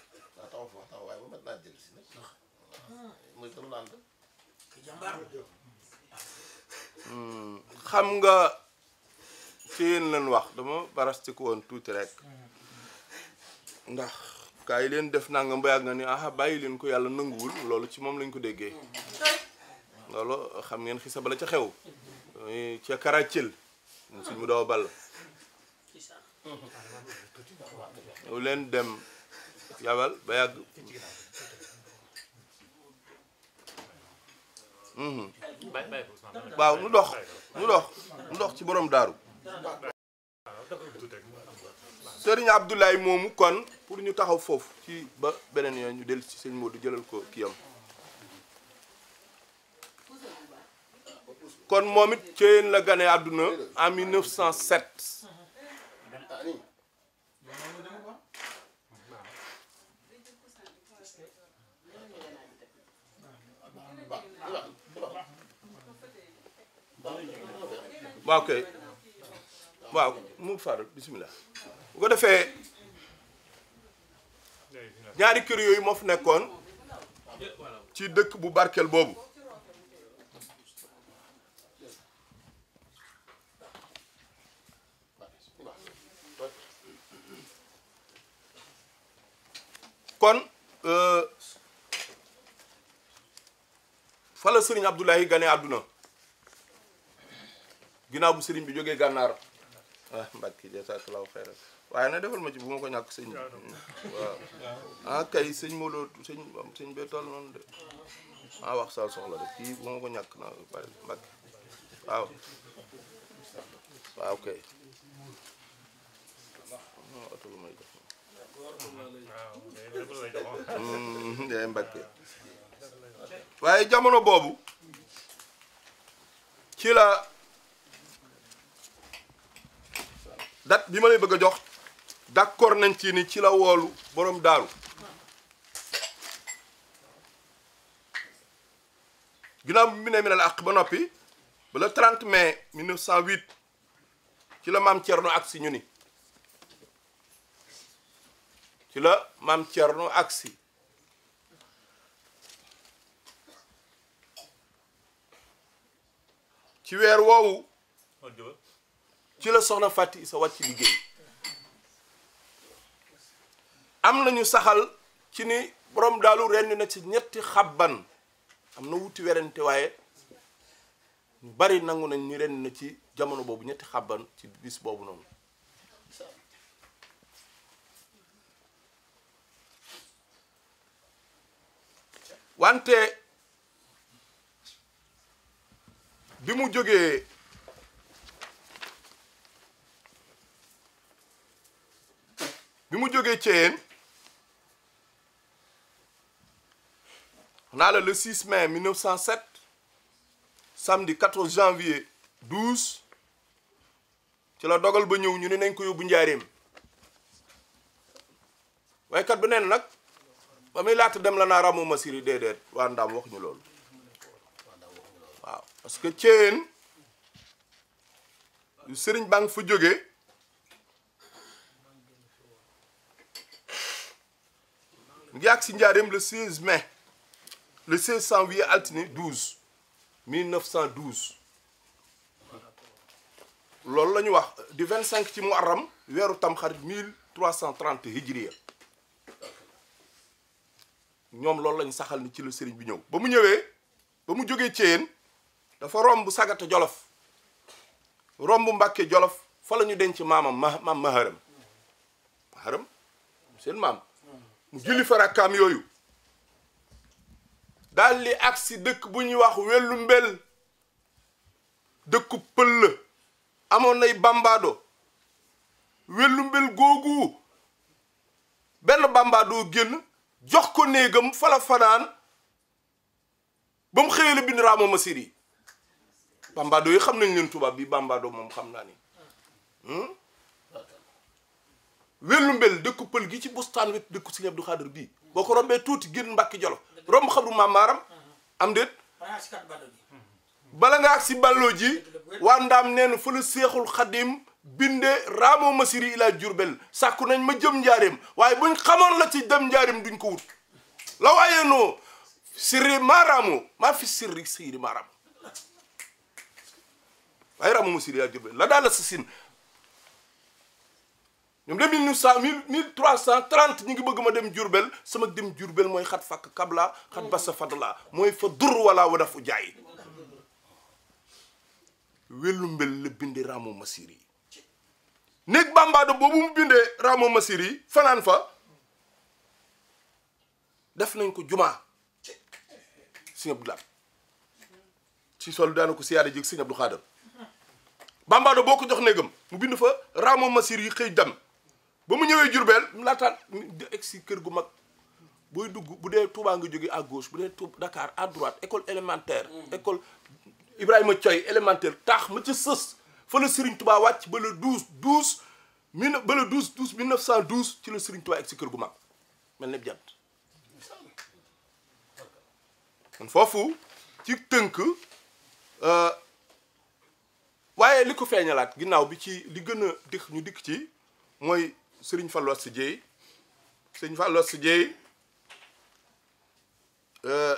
ah. hmm. xam nga ci yéen lañ wax dama barastiku woon tuuti rek ndax kaay leen def nangam ba yàgg nga ni bàyyi leen ko yàlla nanguwul loolu ci moom lañ ko déggee loolu xam ngeen xisa bala ca xew ca Karathil mu suñ mu doo ball lu leen dem yabal ba yàgg mhm. waaw nu dox nu dox nu dox ci boroom daaru sëriñ Abdoulaye moomu kon pour ñu taxaw foofu ci ba beneen yoon ñu dellu ci sëñ Modou jëlal ko kiyam kon moom it Thiéyène la gane àdduna en 1907 waaw kay waaw mu faral bisimilah bu ko defee ñaari kër yooyu moo fi nekkoon ci dëkk bu barkeel boobu kon euh, fa la sëriñ Abdoulaye gane àdduna ginnaaw bu sëriñ bi jógee gànnaar waaw ah, Mbacke jazakallahu xeyran waaye nag defal ma ci bu ma ko ñàkk sëñ bi waaw ah kay sëñ Modou sëñ sëñ bee toll de ah wax saa soxla de kii bu ma ko ñàkk na pare Mbacke waaw waaw kay ah, oto lu may jox hmm, waaye jamono boobu ci date bi ma lay bëgg a jox d'accord nañ ci ni ci la woolu boroom daaru ginnaaw bi mu ne mi ne la àq ba noppi ba le 30 mai ci la maam Thierno agsi ñu ni ci la maam Thierno agsi ci weer woowu ci la soxna Faty Issa wàcc liggéey am nañu saxal ci ni borom daalu ren na ci ñetti xabban am na wuti werante waaye ñu bari nangu nañ ñu ren na ci jamono boobu ñetti xabban ci bis boobu noonu wante bi mu jógee bi mu jógee Thiéyène naa la le 6 mai 1907 samedi 14 janvier 12 ci la dogal ba ñëw ñu ne nañ ko yóbbu njaareem waykat bi neen nag ba muy laata dem la naa ramu masiri déedéet waa ndaam wax ñu loolu waaw parce que Thiéyène yu sëriñ baa fa jógee mi ngi agsi njaareem le 16 mai le 16 janvier altine 12 1912 loolu la ñu wax di 25 ci muharram weeru tamxarit 1330 hijriya ñoom loolu lañ saxal ni ci la sëriñ bu ñëw ba mu ñëwee ba mu jógee Thièyeen dafa bu sagata jolof romb Mbàkke jolof fa la ñu denc maamam ma maam maharam maharam seen maam mu julli farakkaam yooyu daal di agsi dëkk bu ñuy wax wellu mbel dëkku pël la amoon nay bambaado welu mbel googu benn bambaadoo génn jox ko néegam fala fanaan ba mu xëyee la bind raama masiri yi bambaado yi xam nañ leen tubaab bi bambaado moom xam naa ni hmm? wellu mbel dëkku pël gi ci bustaan wet dëkku Sëriñ Abdou Khadre bii boo ko rombee tuuti génn mbàkki jolof romb xabru maam maaram am déet bala nga ak si balloo ji waa ndaam neen fa la seexul xadim binde raamoo masiri ilaa jurbel sàkku nañ ma jëm njaareem waaye buñ xamoon la ci dem njaareem duñ ko wut la waayenoo sirri maaraamoo maa fi sirri sirri maaraam waaye raamoo masiri ilaa jurbel la daal la sa sin ñoom de mille neuf cent mille trois cent trente ñu ngi bëgg ma dem Jurbel sama dem Jurbel mooy xat fakk kabla xat basa fadla mooy fa dur wala wada fu jaay welu mbel la binde Ramo Massiri néeg bambado boobu mu bindee Ramo yi fanaan fa def nañ ko jumaa sëñ Abdou Lahad si sol daana ko siyaare jëg sëñ Abdou Khadar bambado boo ko jox néegam mu bind fa Ramo Massiri yi xëy dem ba mu ñëwee Diourbel laataan di si kër gu mag booy dugg bu dee Touba nga jóge à gauche bu dee Touba dakaar à droite école élémentaire. Mm. école Ibrahima Thioy élémentaire taax ma ci sës fa la Serigne Touba wàcc ba le 12 12 mille ba le 12 12 1912 ci la Serigne Touba egg si kër gu mag mel ne jant. foofu ci tënk euh, waaye li ko feeñalaat ginnaaw bi ci li gën a dikk ñu dikk ci mooy. sëriñ Fallou Assou Dieye sëriñ Fallou Assou euh,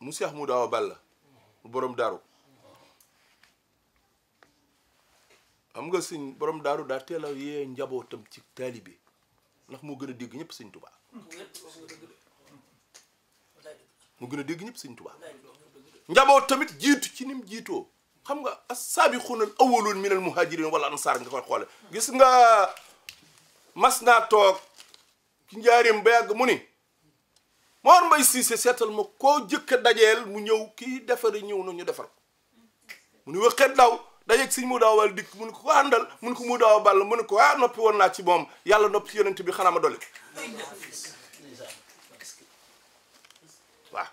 mu Cheikh a bal la borom daaru xam nga sëñ borom daaru daa teel a yee njabootam ci taalibe ndax moo gën a dégg ñëpp sëñ Tuubaa moo gën a dégg ñëpp sëñ Tuubaa njaboot tamit jiit ci nim jiitoo xam nga as-saabiquuna al-awwaluuna mina al-muhaajiriina wal ansaar nga koy xoole gis nga mas naa toog ci njaarim ba yàgg mu ni Mor Mbaye Cissé seetal ma ko jëkk a dajeel mu ñëw kii defar ñëw na ñu defar ko mu ni wëqet daw dajeeg siñ mu daaw wal dikk mu ni ko ko àndal mu ni ko mu daaw ball mu ni ko ah noppi woon naa ci moom yàlla noppi ci yonent bi xanaa ma dolli waaw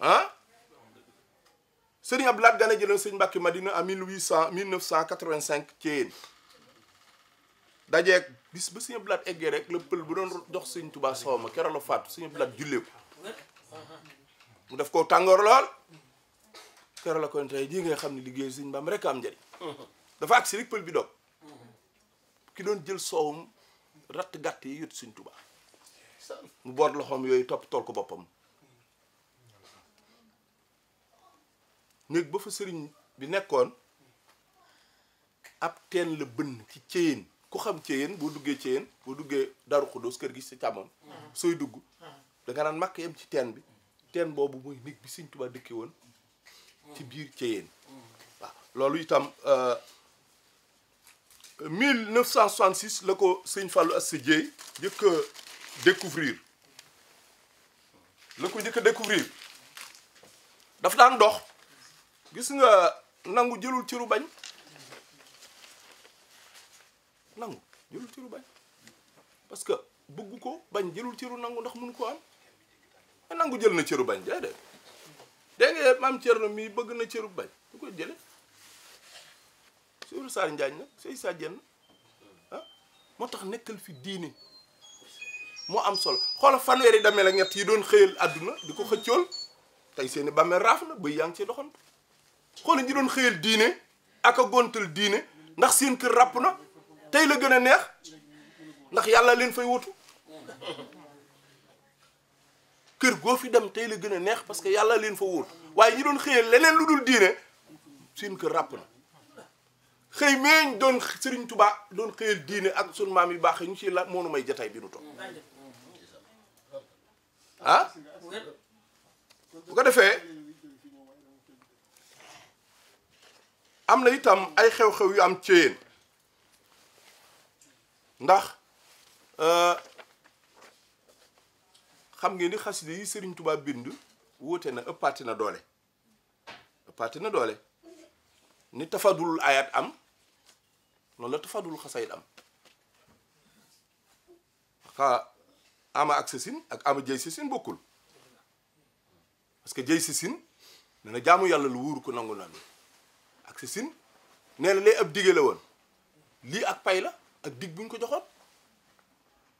ah sëriñ Abdoulaye Gane jëleen sëñ Mbàkke Madina à mille huit cent mille neuf cent quatre-vingt-cinq ci dajeeg bis ba Sëñ Blaat eggee rek la pël bu doon jox Sëñ Tuubaa soow ma keroog la faatu Sëñ Blaat jullee ko mu def ko tàngoor lool keroog la kon xam ne liggéey Sëñ Bamba rek am njëriñ dafa agsi rek bi doog ki jël soowum ratt gàtt yi yot Sëñ boot loxoom yooyu topp ko boppam néeg ba fa sëriñ bi nekkoon ab teen la bënn ci céyeen ku xam Thiéyène boo duggee Thiéyène boo duggee Darou Khoudoss kër gi si càmmoon sooy dugg da naan màkk yem ci teen bi teen boobu mooy néeg bi Sëñ Tuubaa dëkke woon ci biir Thiéyène waaw loolu itam 1966 euh, la ko sëñ Fallou Assa Dieye njëkk a découvrir la ko njëkk a découvrir daf daan dox gis nga nangu jëlul ciru bañ nangu jëlul ciru bañ parce que bëgg ko bañ jëlul ciru nangu ndax mun ko am a nangu jël na cëru bañ déedéet dégg nga maam Thierno mii bëgg na ciru bañ du ko jële suur Saar Njaañ nag sëy saa jenn ah, moo tax nekkal fi diini moo am solo xoola fanweeri damee la ñett yi doon xëyal àdduna di ko xëccool tey seeni bàmmeel raaf na bëy yaa ngi ci doxantu xoola ñi doon xëyal diine ak a gontal diine ndax seen kër ràpp na tey la gën a neex ndax yàlla leen fay wutu kër goo fi dem tey la gën a neex parce que yàlla leen fa wutu waaye ñi doon xëyee leneen lu dul diine seen kër ràpp na xëy meeñ doon Sëriñ tubaa doon xëyal diine ak sun maam yu baax ñu ci la moonu may jataay bi nu toog ah bu ko defee am na itam ay xew-xew yu am ci ndax euh, xam ngeen ni xas yi sëriñ tubaab bind wuute na ëppaati na doole ëppaati na doole ni tafadul ayat am noonu la tafadul xasayit am xa ama ak sasin ak ama jëy sasin bokkul parce que jëy sasin nee na jaamu yàlla lu wuur ko nangu naan ak sasin nee na lay ab dige woon lii ak pay la ak dig bu ñu ko joxoon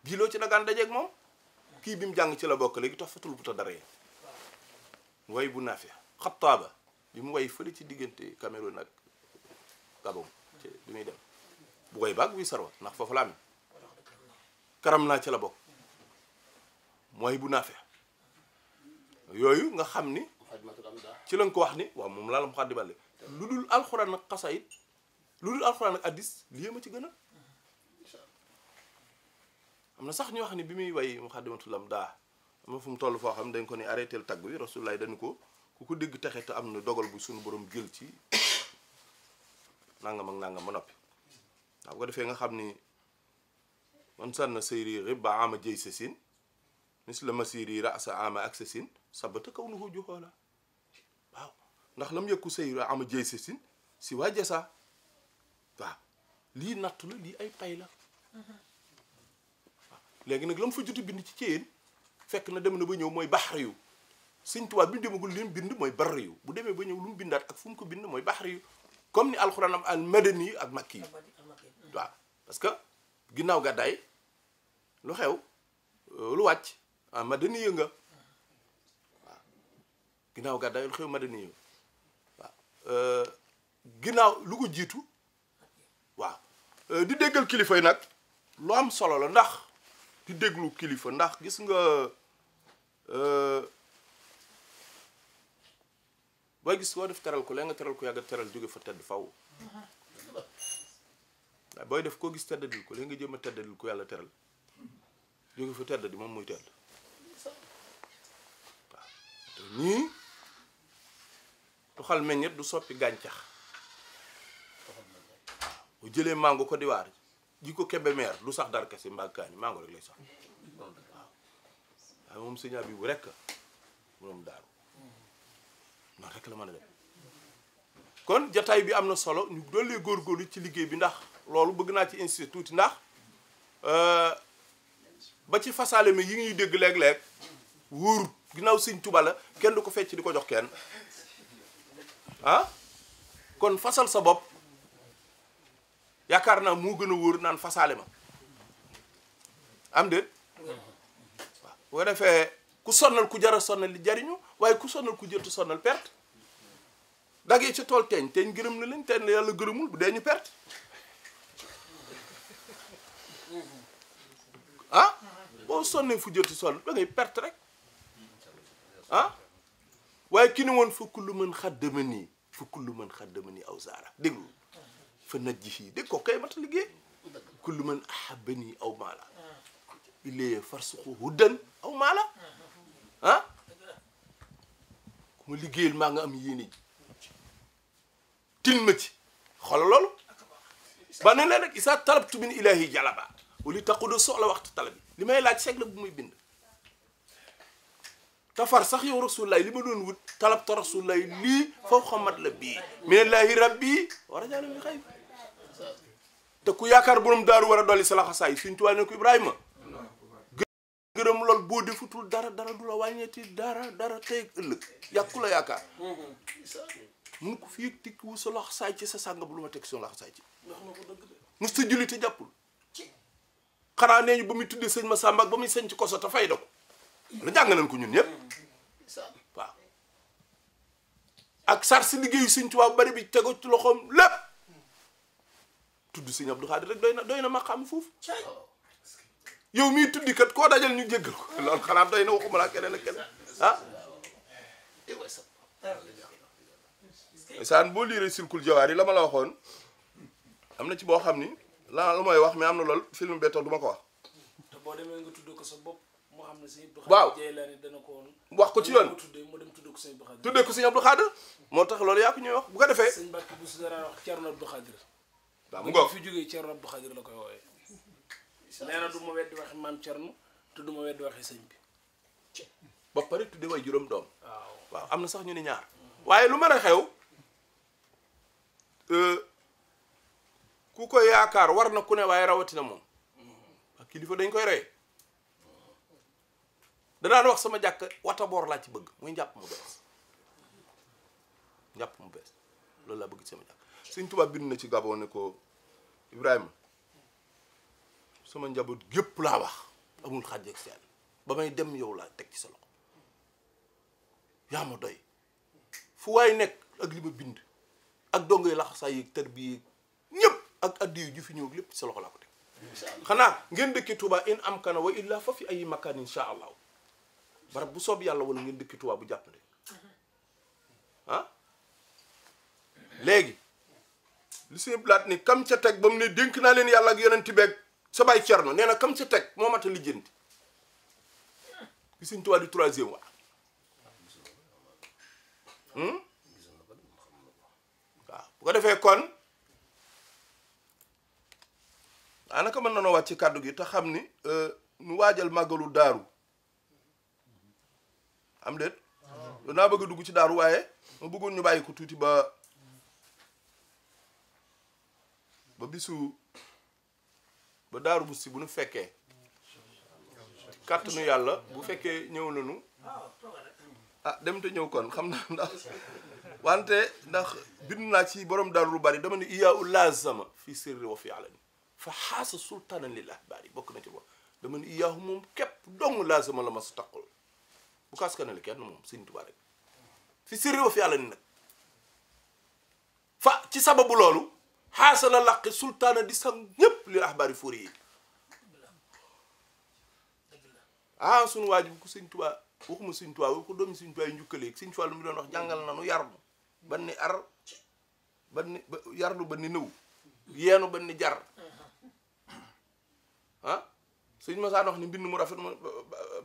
biloo ci dagaan dajeeg moom kii bi mu jàng ci la bokk léegi tax fatul bu ta dara way bu naafi xattaaba bi mu way fële ci diggante Cameroun ak Gabon ci bi muy dem bu way baag buy sarwa ndax foofu la amee karam naa ci la bokk mooy bu naafi yooyu nga xam ni ci lañ ko wax ni waaw moom laa la mu xàddiballe lu dul alxuraan ak xasaayit lu dul alxuraan ak addis lii ma ci gën a am na sax ñoo wax ne bi muy way Muxaddamatul Amdah am na fu mu toll foo xam ne dañ ko ni arrêté tagg wi Rasulullah dañu ko ku ko dégg texe am na dogal bu suñu borom jël ci nangam ak nangam ba noppi waaw ko defee nga xam ni man sànn sayri ribba a jëy sa sin mis la masiri rasa ama ak sa sin sabata kaw nu hujju xoola waaw ndax lam yëkku sayri ama jëy sa sin si waa jasa waaw lii nattu la lii ay pay la mhm. léegi nag la mu fa bind ci céyeen fekk na dem na ba ñëw mooy baxar yu sëñ Tuubaa bi demagul li mu bind mooy barri yu bu demee ba ñëw lu mu bindaat ak fu mu ko bind mooy baxar yu comme ni alxuraan am al madani ak makki yi waaw parce que ginnaaw gàddaay lu xew lu wàcc ah madani nga ginnaaw gàddaay lu xew madani nga euh, ginnaaw lu ko jiitu waaw euh, di déggal kilifa yi nag lu am solo la ndax di déglu kilifa ndax gis nga euh, booy gis boo def teral ko léegi nga teral ko yàgg teral jóge fa tedd faw waaye booy def koo gis teddadil ko léegi nga jéem a teddadil ko yàlla teral jóge fa tedd moom muy tedd waaw du xal meññet du soppi gàncax bu jëlee màngo ko di waar ji ko kebe meer lu sax dara kese mbaa kaani mango rek lay sax waaw waaye moom sëñ bi bu rek moom daaru noonu rek la mën a def kon jataay bi am na solo ñu dolli góorgóorlu ci liggéey bi ndax loolu bëgg naa ci insister tuuti ndax euh, ba ci fasaale mi yi ñuy dégg léeg-léeg wóorut ginnaaw sëñ Tuba kenn du ko fecc di ko jox kenn ah? kon fasal sa bopp yaakaar naa moo gën a wóor naan fasaale ma am déet waaw boo defee ku sonnal ku jar a sonnal li jariñu waaye ku sonnal ku jëtu sonnal perte dagee ci tool teeñ teeñ gërëm na leen teeñ la yàlla gërëmul bu dee ñu perte ah boo sonnee fu jëtu sonn da perte rek ah waaye ki ni woon fukk lu mën xaddama nii fukk lu mën xaddama nii aw saara déglu fa najjihi dégg ko kay mat liggéey kullu man ahabbani aw maala illee farsuxu huddan aw maala ah ku ma liggéeyal maa nga am yéene ji tin ci xoola loolu ba ne la rek isa talabtu min ilahi jalaba wali taqudo soxla waxtu talabi li may laaj seeg la bu muy bind tafar sax yow rasulullah li ma doon wut talabtu rasulullah lii foofu xamat la bii minallahi rabbi wa rajalu min xayb te ku yaakaar borom daaru war a dolli sa laxasaay suñ tubaab ne ko Ibrahima. gërëm lool boo defutul dara dara du la wàññeeti dara dara tey ëllëg yàqu la yaakaar. mun ko fi yëg tikki wu sa laxasaay ci lu ma teg sa laxasaay ci. mos ta julli te jàppul. xanaa nee ñu ba muy tuddee sëñ Massamba ak ba muy sëñ ci koso te fay ko la jàng nañ ko ñun ñëpp waaw. ak sar si liggéeyu sëñ bari bi tego ci loxoom lépp. tudd sëñ Abdou Khadir rek doy na doy na maqaam foofu yow mii tuddi kat koo dajal ñu jéggal ko <laughs> loolu xanaa doy na waxuma laa keneen ak keneen ah boo liiree circul jawaar yi la la waxoon am na ci boo xam ni la lu mooy wax mais am na lool film bee du ma ko wax boo demee nga tudd ko sa bopp mu xam ne sëñ waaw dana ko wax ko ci yoon mu dem tudd ko sëñ Abdou Khadir tuddee moo tax loolu yaa ko ñuy wax bu ko defee sëñ waaw mu ngoog fi jógee Thierno Abdou Khadir la koy woowee. nee na du ma weddi waxi maam te du ma weddi waxi sëñ bi. ba pare tudde way juróom doom. waaw am na sax ñu ne ñaar. waaye lu mën a xew euh, ku ko yaakaar war na ku ne waaye rawatina moom. kilifa dañ koy rey danaan wax sama jàkk wata boor laa ci bëgg muy jàpp mu bees njàpp mu bees loolu laa bëgg ci sama jàkk Sëñ Tuubaa bind na ci Gabon ne ko Ibrahima sama njaboot gépp laa wax amul xàjj ak ba may dem yow laa teg ci sa loxo yaa ma doy fu waay nekk ak li ma bind ak dongoy lax saa yeeg tër bi ñëpp ak addi yu ju fi ñëw lépp ci sa loxo laa ko teg xanaa ngeen dëkki Tuubaa in am kana wa illa fa fi ay makaan insha allahu barab bu soob yàlla wala ngeen dëkki Tuubaa bu jàppande ah? léegi li sëñ Blaat ni kam ca teg ba mu ne dénk naa leen yàlla ak yonent sa baay cerno nee na kam ca teg moo mat a lijjanti gi sëñ Tuubaa di hmm? waa bu ko defee kon anaka mën nanoo wàcc ci kàddu gi te xam ni euh, nu waajal màggalu daaru am déet ah. danaa bëgg a dugg ci daaru waaye ma bëggoon ñu bàyyi ko tuuti ba ba bisu ba daaru bu si bu nu fekkee ci kàttanu yàlla bu fekkee ñëw nañu ah dem te ñëw kon xam naa ndax <laughs> wante ndax bind naa ci borom daaru lu bari dama ne iya u lazama fi sirri wa fi alani fa xaasa sultaanan lil ahbaari bokk na ci bo dama ne iyaahu moom képp dong lazama la ma su taqul bu kaas ka ne la kenn moom Sëriñ Tuubaa rek fi sirri wa fi alani nag fa ci sababu loolu xaasala laqi sultaana di sang ñépp li axbaari fóori yi ah sunu waajib ku sëñ tubaa waxuma sëñ tubaa waxu ko doomi sëñ tubaa yu njukkaleeg sëñ Fallu mi doon jàngal na nu yarnu ban ni ar ban ah, sëñ Masaan ni mbind mu rafet ma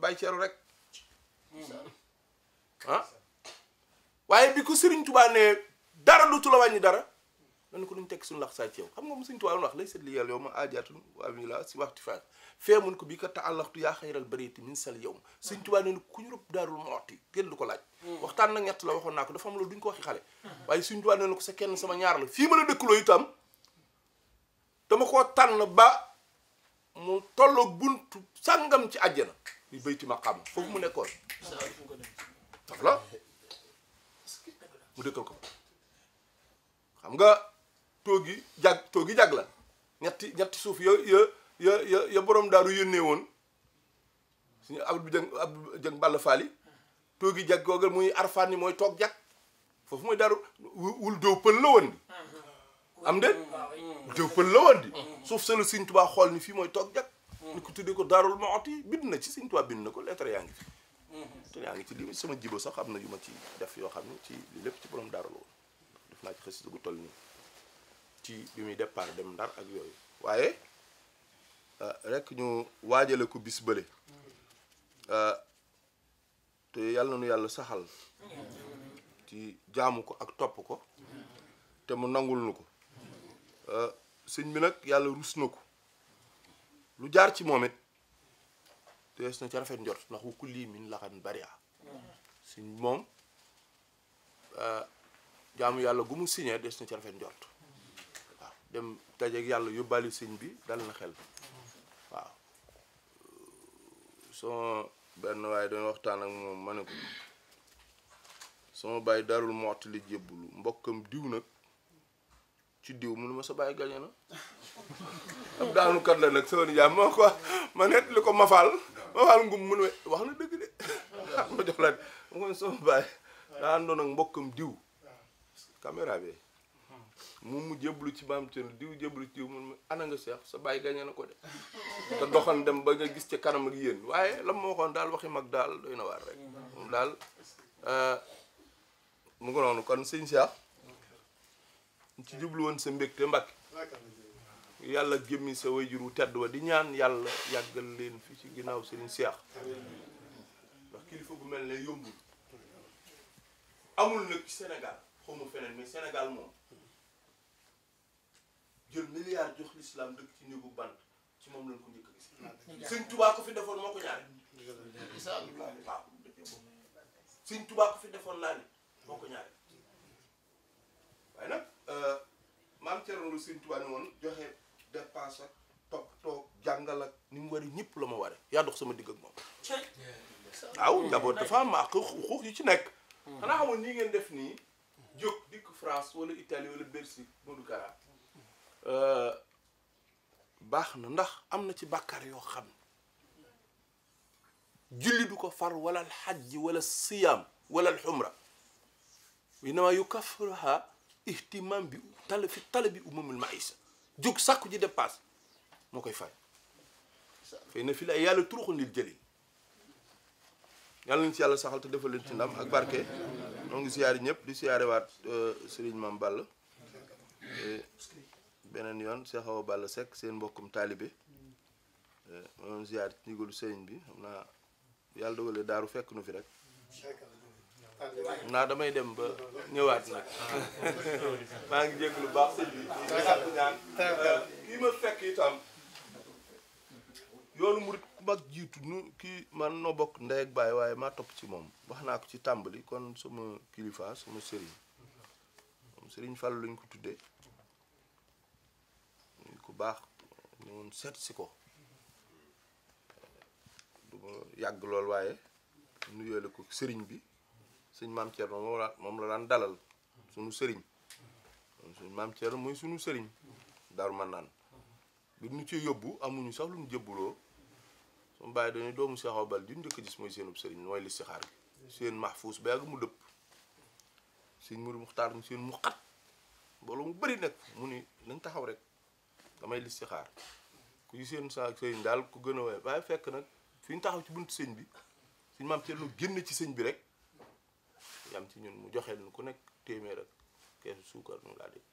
bàyyi ceeru rek ah, waaye bi ko sëriñ tubaa ne dara dutu la wàññi dara mel ni ko duñ tekki suñu lax saay ci yow xam nga mu suñ tuwaa wax lay seetli yàlla yow ma aajaatul ami la si waxtu faak fee mun ko bi ka ta àllaxtu yaa xayral bariyati min sal yow suñ tuwaa na ku ñu rëbb daarul mooti kenn hmm. la waxoon naa ko dafa na ko sa kenn sama ñaar la fii ma la dëkkaloo itam dama koo tànn ba mu tolloo buntu sàngam ci àjjana muy bayti maqaam foofu mu nekkoon daf la mu dëkkal xam nga toogi jag toogi jag la ñetti ñetti suuf ya yo ya borom daaru yónnee woon su abdu jëng abdu jëng bàll faali toogi jag googal muy arfaan ni mooy toog jag foofu mooy daaru wul dóow pël la woon di am de dóow pël la woon di suuf sala Sëñ Tuubaa xool ni fii mooy toog jag ni ko tuddee ko daarul mooti bind na ci Sëñ Tuubaa bind na ko lettre yaa ngi fi te yaa ngi ci lii sama jibo sax am na yu ma ci def yoo xam ne ci lépp ci borom daaru la woon def ci bi muy départ dem ndar ak yooyu waaye euh, rekk ñu waajale ko bis bële euh, te yàlla na nu yàlla saxal ci jaamu ko ak topp ko te mu nangul nu ko euh, sëñ bi nag yàlla rus na ko lu jaar ci moom it te des na ci rafet njort ndax wu ku lii min laxan bariya sëñ moom jaamu yàlla gu mu siñee des na ci rafet njort dem dajeeg yàlla yóbbaale sëñ bi dal na xel waaw sama benn waaye dañu waxtaan ak moom ma ne ko sama bàyyi darul moxti li diw nag ci diw mu sa bàyyi gañe na la nag sama nijaay moo ko ma net ko mafaal ngum mu ne wax na dëgg de <laughs> ma jox la ma ko sama bàyyi daa àndoon ak mbokkam diw caméra bi moom mu jéblu ci maam Thierno diw jéblu ci diw mun ma ana nga seex sa bàyyi gañe na ko de te doxan dem ba nga gis ca kanam ak yéen waaye la ma waxoon daal waxi mag daal doy na waar rek moom daal euh, mu ngi noonu kon sëñ seex ci jublu woon sa mbégte mbàkk yàlla gémmi sa wayjur wu tedd wa di ñaan yàlla yàggal leen fi ci ginnaaw sëñ seex gu mel ne yombul amul nag ci Sénégal xaw feneen mais Sénégal moom jël milliard jox l'islam dëkk ci néegu bant ci moom lañ ko njëkk a gis. sëñ Tuubaa ko fi defoon moo ko ñaare. isa allah waaw sëñ Tuubaa fi defoon laa ne moo ko ñaare waaye nag euh, maam Thierno joxe dépense ak toog jàngal ak ni mu wari ñëpp la ma wari yaa sama digg ak moom. waaw njaboot dafa am ak xuux yu ci nekk. Hmm. xanaa xamoon nii ngeen def nii jóg dikk France wala Italie wala Belgique Modou Euh, baax na ndax am na ci bàkkaar yoo xam julli du ko far wala alxajj wala siyaam wala alxumra inama yukaffiruha ihtimam bi tal fi talabi umumul maïsa jóg sàkku ji dépasse moo koy fay fay na fi la yàlla turuxun lil jëlin yàlla nañu ci yàlla saxal te defal leen ak barke moo ngi siyaari ñëpp di siyaare waat euh, Serigne Mame Balla beneen yoon Cheikh Awa Balla seen mbokkum taalibe eh, moom ziar ci ndigalu sëriñ bi xam dem ba ñëwaat <laughs> man noo bokk ndey ak waaye maa topp ci moom wax naa ko ci tàmbali kon sama kilifa sama sëriñ moom sëriñ lañ ko tuddee baax ñun seet si ko du yàgg lool waaye nuyoo la ko sëriñ bi sëñ maam Thierno moom la daan dalal sunu sëriñ sëñ maam Thierno mooy sunu sëriñ Daaru Manaan bi ñu ci yóbbu amuñu sax lu mu jëbbuloo sama bàyyi dañuy doomu Cheikh Awa Bal di njëkk gis mooy seenub sëriñ mooy listixaar bi seen mahfuus ba yàgg mu dëpp seen muru muxtaar seen mu xat mbooloo mu bëri nag mu ni dañ taxaw rek damay listixaar ku yi seen saak sëñ daal ku gën a woy waaye fekk nag fi ñu taxaw ci buntu sëñ bi suñu maam Thierno génn ci sëñ bi rek yam ci ñun mu joxeel nu ku nekk téeméer ak keesu suukar nu laa def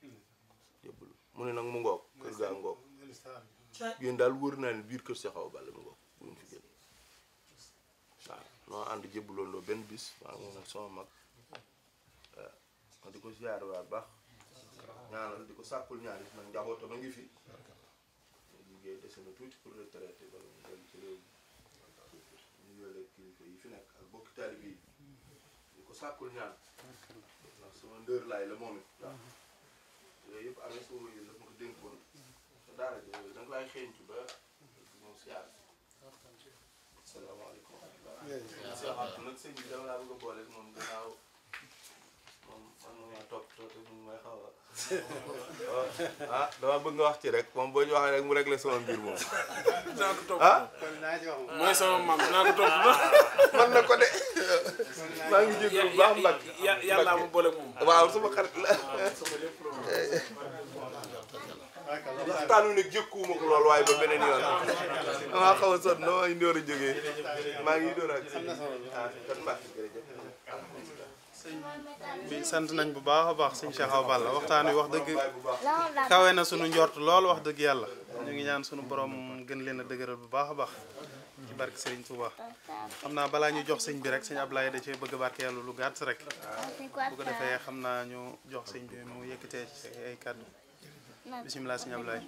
jébbalu mu ne nag mu ngoog kër gaa ngoog daal wër naa biir kër Cheikh Awa Balla mu ngoog buñ fi génn loo benn bis waaw moom sama mag ma di ko ziar waa baax ñaanal di ko sàkkul ñaari nag njabootam a ngi fi. liggéey dese na tuuti pour retraité ba mu dem ci réew yi fi nekk ak bokki taalibe yi. di ko sàkkul ñaan. ndax sama ndër laay la moom it. waaw yooyu yëpp amee sama yële daf ma ko dénkoon. te daara jooju da nga laay xeeñtu ba. moom si yàlla. asalaamaaleykum wa rahmatulah. si waxtu nag sëñ bi dama laa bëgg a boole ma topp a. ah dama bëgg nga wax ci rek moom boo ñu waxee rek mu réglé sama mbir moom. dinaa ko topp ah. mooy sama maam dinaa ko topp. man na ko de. maa ngi jégalu bu baax mbagg. yàlla mu boole moom. waaw sama xarit la. waxtaanu nag jëkkuwuma ko lool waaye ba beneen yoon. damaa xaw a sonn noo indi war a jógee. maa ngi door ak. ah kon mbaa jërëjëf. bi sant nañ bu baax a baax sëñ Cheikh Awa Balla waxtaan wi wax dëgg kawe na sunu njort lool wax dëgg yàlla ñu ngi ñaan sunu borom gën leen a bu baax a baax ci barke Serigne Touba xam naa balaa ñu jox sëñ bi rek sëñ Ablaye da cee bëgg barke yàlla lu gàtt rek bu ko defee xam naa ñu jox sëñ bi mu yëkkatee ci ay kàddu bisimilah sëñ Ablaye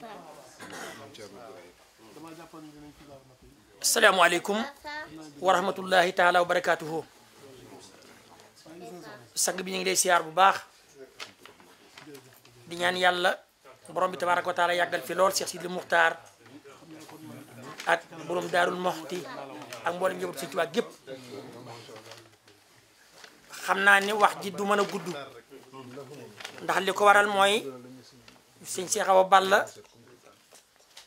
asalaamaaleykum wa rahmatullahi taala wa barakaatuhu sang bi ñu ngi lay siyaar bu baax di ñaan yàlla borom bi tabaaraka wa taala yàggal fi lool Cheikh Sidil Muxtaar ak borom daarul moxti ak mboolem njabootu Sëñ Tuubaa gépp xam naa ni wax ji du mën a gudd ndax li ko waral mooy sëñ Cheikh Awa Balla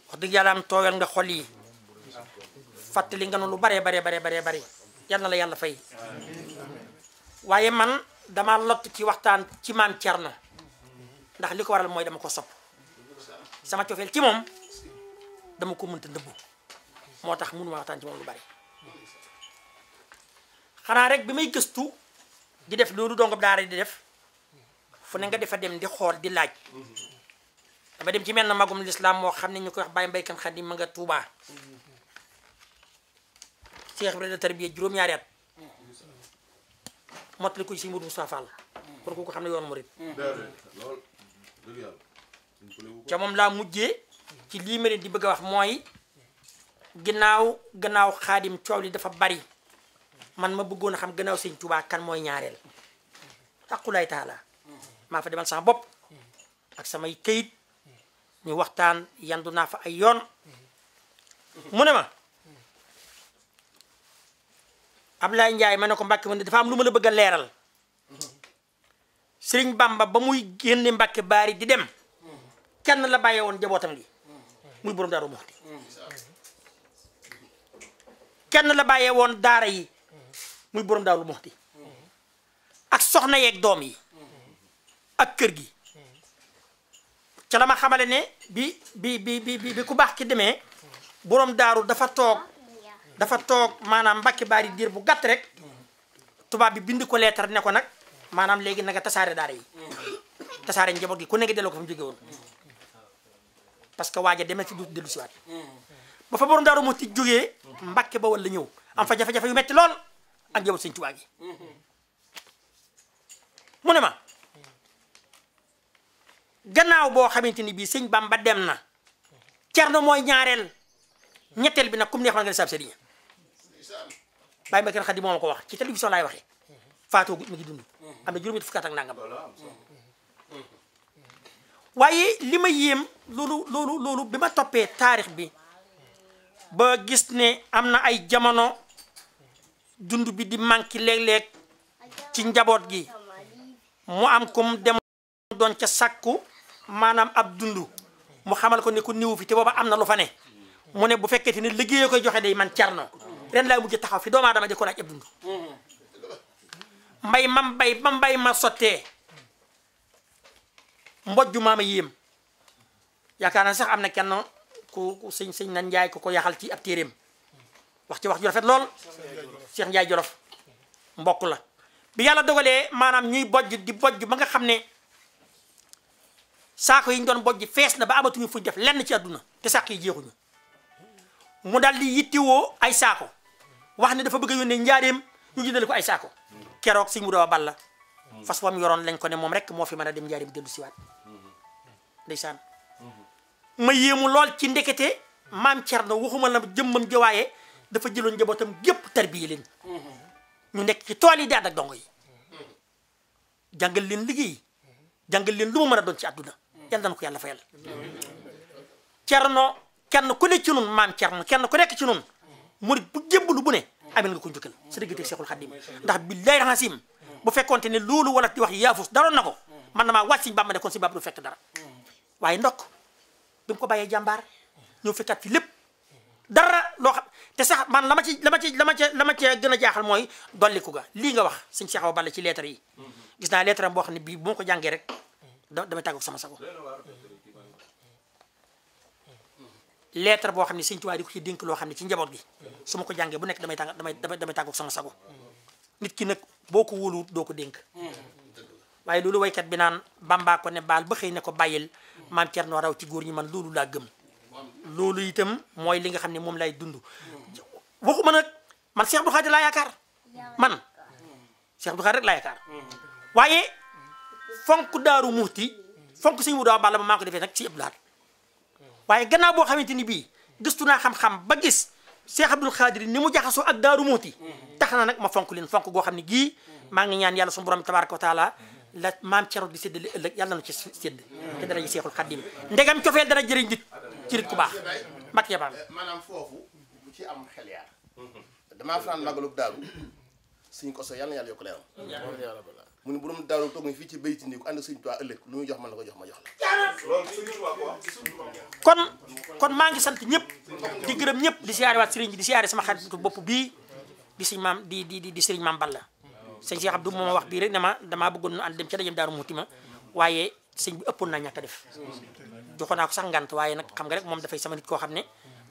wax dëgg yàlla am tooyal nga xol yi fàttali nga nu lu bare bare bare bare bare na la yàlla fay waaye man dama lott ci waxtaan ci maam Cerno ndax li ko waral mooy dama ko sopp sama cofeel ci moom dama ko mënta ndëbbu moo tax mënuma waxtaan ci moom lu bari xanaa rek bi may gëstu di def loolu dongob daara di def fu ne nga defa dem di xool di laaj dama dem ci mel na magum lislaam moo xam ne ñu koy wax bàyyi mbaykan xadim ma nga Tuubaa Cheikh Ibrahima tarbiya juróom-ñaari at mottali ko ci sa Moustapha Fall kon kooku xam ne yoonu murit mm. ca moom laa mujjee ci lii ma di bëgg a wax mooy ginnaaw gannaaw xaadim coow li dafa bari man ma bëggoon a xam gannaaw sëñ Tuubaa kan mooy ñaareel aqulay taala mm. maa fa demal sama bopp mm. ak samay këyit ñu waxtaan yandu naa fa ay yoon mu ne ma Ablaye Ndiaye ma ne ko Mbàkke man dafa am lu ma la bëgg a leeral Sëriñ Bamba ba muy génne Mbàkke baari di dem kenn la bàyyee woon jabootam gi muy kenn la bàyyee woon daara yi muy borom daaru Muxti ak soxna yeeg doom yi ak kër gi ca la ne bi bi bi bi bi ku baax ki demee borom daaru dafa toog dafa toog maanaam mbakki baari diir bu gàtt rek tubaab bi bind ko leetar ne ko nag maanaam léegi nag a tasaare daara yi tasaare njaboot gi ku ne nga delloo ko fa mu jóge woon parce que waaja demee dellu siwaat ba fa borom daaru mu ti jógee mbàkke ba wala ñëw am fa jafe-jafe yu metti lool ak njaboot sëñ Tuubaa gi mu ne ma gannaaw boo xamante ni bii sëñ Bamba dem na na mooy ñaareel ñetteel bi nag comme neex man nga ne saab sëriñ bàyyi ma kenn xadi moo ma ko wax ci télévision laay waxee faatoo gut mu ngi dund am juróomi fukki at ak nangam waaye li ma yéem loolu loolu loolu bi ma toppee taarix bi ba gis ne am na ay jamono dund bi di manqué léeg-léeg ci njaboot gi mu am comme dem doon ca sàkku maanaam ab dund mu xamal ko ne ko niwu fi te booba am na lu fa ne mu ne bu fekkee te ne liggéeyee koy joxe day man carno ren laa mujj taxaw fi doomu aadama di ko laaj ab dund mbay ma mbay ma mbay ma sottee mbojju maama yéem yaakaar naa sax am na kenn ku sëñ sëñ na njaay ko ko yaxal ci ab téeréem wax ci wax ju rafet lool Cheikh Njaay Jolof mbokk la bi yàlla dogalee maanaam ñuy bojj di bojj ba nga xam ne saako yi ñu doon bojj fees na ba amatuñu fuñ def lenn ci àdduna te saako yi jeexuñu mu daal di yittewoo ay saako wax ne dafa bëgg a yónnee njaareem ñu jëndal ko ay saako keroog sëñ mu doo balla fas wam yoroon lañ ko ne moom rek moo fi mën a dem njaareem dellu siwaat ndeysaan ma yéemu lool ci ndekete maam Cerno waxuma la jëmmam jawaaye dafa jëloon njabootam gépp tarbiye leen ñu nekk ci tool yi di ànd ak yi jàngal leen liggéey jàngal leen lu mu mën a doon ci àdduna yal na ko yàlla fayal Cerno kenn ku ne ci nun maam Cerno kenn ku nekk ci nun murit bu jébbalu bu ne a nga ko njukkal sa digg teg Seexul Xadiim ndax billaahi raxasim ne loolu wala di wax yaafus daroon na ko man na maa wàcc siñ Bàmba ne kon siñ Bàmba du fekk dara waaye ko bàyyee jàmbaar ñëw fekkaat fi lépp dara loo xam te sax ma ci ma ci la ma ci la ma ci gën a jaaxal mooy dolliku ga lii nga wax suñ Seex Awa Balla ci lettre yi gis naa lettre am boo xam ne bii ko jàngee rek da damay tàggu sama sago lettre boo xam ne sëñ Tuubaa di ko ci dénk loo xam ne ci njaboot gi su ma ko jàngee bu nekk damay tàng damay damay tàggoog sama sago nit ki nag boo ko wóoluwut doo ko dénk waaye loolu waykat bi naan Bàmbaa ko ne baal ba xëy ne ko bàyyil maam Cerno raw ci góor ñi man loolu laa gëm loolu itam mooy li nga xam ne moom lay dund waxuma nag man Cheikh Abdou Khadre laa yaakaar man Cheikh Abdou Khadre rek laa yaakaar waaye fonk daaru muxti fonk sëñ Mudu Awa Balla ma maa ko defee nag ci Abdou Lahad waaye gannaaw boo xamante ni bii gëstu naa xam-xam ba gis Cheikh Abdoul Khadir ni mu jaxasoo ak Daaru Muuti tax na nag ma fonk leen fonk goo xam ne gii maa ngi ñaan yàlla suñu borom tabaraka wa la maam Cerno di séddale ëllëg yàlla na ci sédd te dara ji Seexul Xadim ndegam cofeel dara jëriñ nit ci ku baax mag yabaam maanaam foofu bu am xel yaar damaa fanaan suñu ko so yàlla yàlla yokk leeram mu ne bu doon daaru toog na fii ci bayti nii ko ànd ma jox la kon kon maa ngi sant ñëpp di gërëm ñëpp di siyaare waat sëriñ bi di siyaare sama xaritu bopp bii di sëriñ maam di di di di sëriñ maam Balla sëñ Cheikh Abdou mooma wax bii rek ne ma damaa bëggoon nu ànd dem ca dajëm daaru muuti ma waaye sëñ bi ëppoon naa ñàkk def joxoon naa ko sax ngànt waaye nag xam nga rek moom dafay sama nit koo xam ne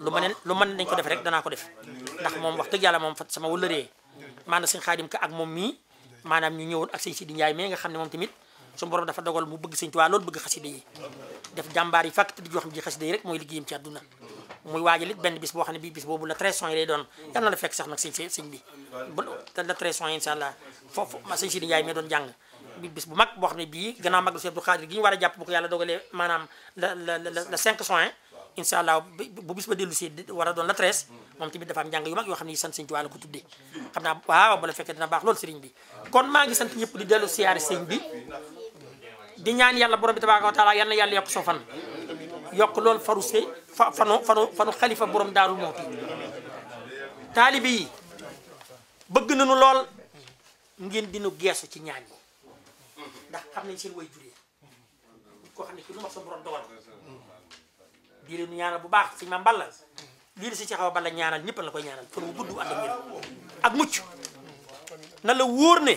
lu ma lu mën dañ ko def rek danaa ko def ndax moom wax dëgg yàlla moom fa sama wëllëree maanaam sëñ xaadim ka ak moom mii maanaam ñu ñëwoon ak sëñ Sidi Ndiaye mais nga xam ne moom tamit su borom dafa dogal mu bëgg sëñ Tuubaa loolu bëgg xasida yi def jàmbaar yi fàkk tëdd joo xam ji xasida yi mooy liggéeyam ci àdduna muy waajal it benn bis boo xam la treize yi doon yal na la fekk sax nag sëñ sëñ bi te la treize yi incha allah foofu sëñ Sidi Ndiaye mais doon jàng bis bu mag boo xam ne bii gannaaw mag la Sëñ Xaadir gi ñu war a jàpp bu ko yàlla dogalee maanaam la la la cinq soin incha allah bu bis ba dellu si war a doon la treize moom tamit dafa am njàng yu mag yoo xam ne sant sëñ Tuubaa la ko tuddee xam naa waaw ba la fekkee dina baax loolu sëriñ bi kon maa ngi sant ñëpp di dellu siyaare sëñ bi di ñaan yàlla borom bi tabaaraka wa taala yal yàlla yokk soo fan yokk loolu faru se fa fanu fanu fanu xalifa borom daaru mooti taalibe yi bëgg nañu lool ngeen dinu geesu ci ñaan yi ndax nañ seen di leen ñaanal bu baax sëñ Maam Balla lii di si ci xaw Balla ñaanal ñëpp la koy ñaanal fan wu gudd ànd ak ngeen ak mucc na la woor ne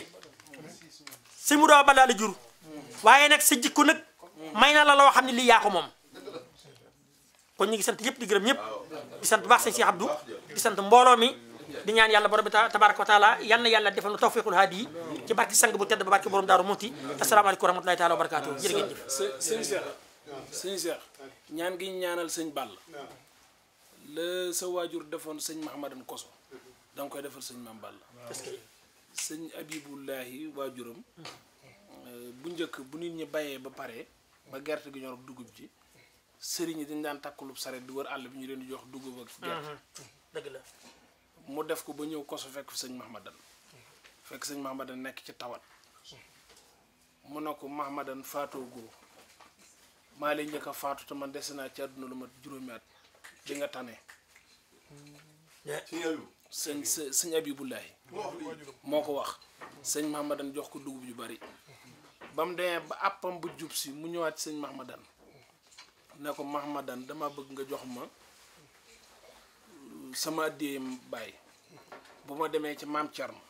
sëñ mu doo Balla la jur waaye nag sa jikko nag may na la loo xam ne lii yaa moom ko ñu ngi sant yëpp di gërëm ñëpp di sant bu baax sëñ Cheikh Abdou di sant mbooloo mi di ñaan yàlla borom bi tabaraka wa taala yal yàlla defal nu tawfiqul haadi yi ci barki sang bu tedd ba barki borom daaru Muxti asalaamaaleykum wa rahmatulahi ñaan gi ñu ñaanal sëñ Bàll la sa waajur defoon sëñ Mahamadan Koso da nga koy defal sëñ Maam Bàll sëñ Abibullahi waajuram euh, bu njëkk bu nit ñi bayee ba pare ba gerte gi ñorub dugub ji sëriñ yi dañ daan takkulub saret di wër àll bi ñu leen di jox dugub ak gerte mu def ko ba ñëw koso fekk sëñ Mahamadan fekk sëñ Mahamadan nekk ci tawat mu ne ko Mahamadan faatoo goo maa lay njëkk a faatu te man dese naa ci àdduna lu mat juróomi at di nga tane. sëñ sëñ Abibullahi moo ko wax sëñ Mahamadan jox ko dugub yu bari ba mu demee ba àppam bu jub si mu ñëwaat sëñ Mahamadan ne ko Mahamadan dama bëgg nga jox ma uh, sama addiyee bàyyi bu ma demee ci maam Thierno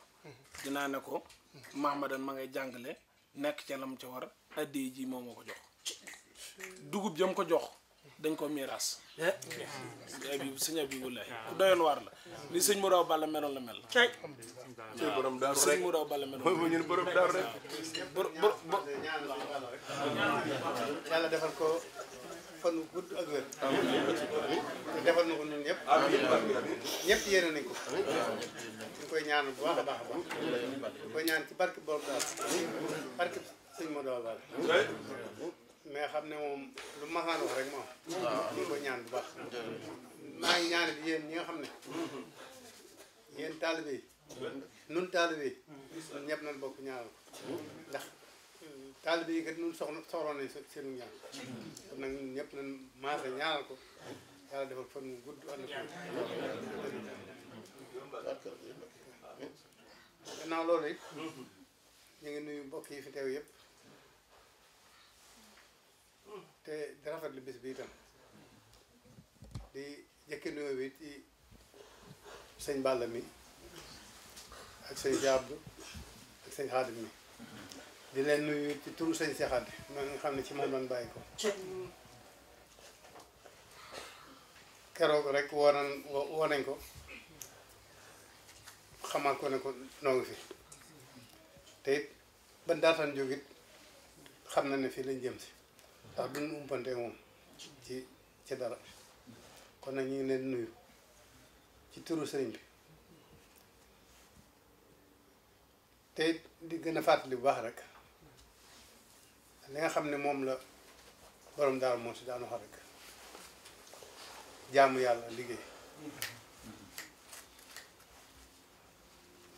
dinaa ne ko Mahamadan ma ngay jàngale nekk ca lam ca war addiyee ji moom moo ko jox dugub jam ko jox dañ ko miiras abi eh. sëñ abi bu doyoon waar la ni sëñ mu raw balla meloon la mel cay borom daaru rek sëñ mu raw balla meloon mooy ñun borom daaru rek bor bor bor yàlla defal ak wér defal na ko ñun ñëpp ñëpp yéene bu a baax ñu koy ñaan barke borom daaru barke sëñ mu raw balla mais xam ne moom lu maxaan wax rek moom. waaw ko ñaan bu baax. maa ñaan bi yéen ñi nga xam ne. yéen taalibe yi. nun taalibe yi. ñun ñëpp bokk ñaanal ko. ndax taalibe yi kat nun soxla soxla nañ seenu ñaan. kon nag ñun ñëpp nañ maase ñaanal ko yàlla defal fan mu gudd ànd ko. gannaaw loolu it. ñu ngi nuyu mbokk yi fi teew yëpp. te di rafetlu bis bi itam di jëkke nuyoo bi ci sëñ Balla mi ak sëñ Diabdu ak sëñ Xaadim mi di leen nuyu ci turu sëñ Cheikh Addi moom nga xam ne ci moom lañ bàyyi ko ko xamal ko ne ko fi te it ba daataan jógit xam na ne fii lañ jëm si ndax duñ umpante moom ci ci dara kon nag ñu ngi leen nuyu ci turu sëriñ bi te di gën a fàttali bu baax rek li nga xam ne moom la borom daal moo si daan wax rek jaamu yàlla liggéey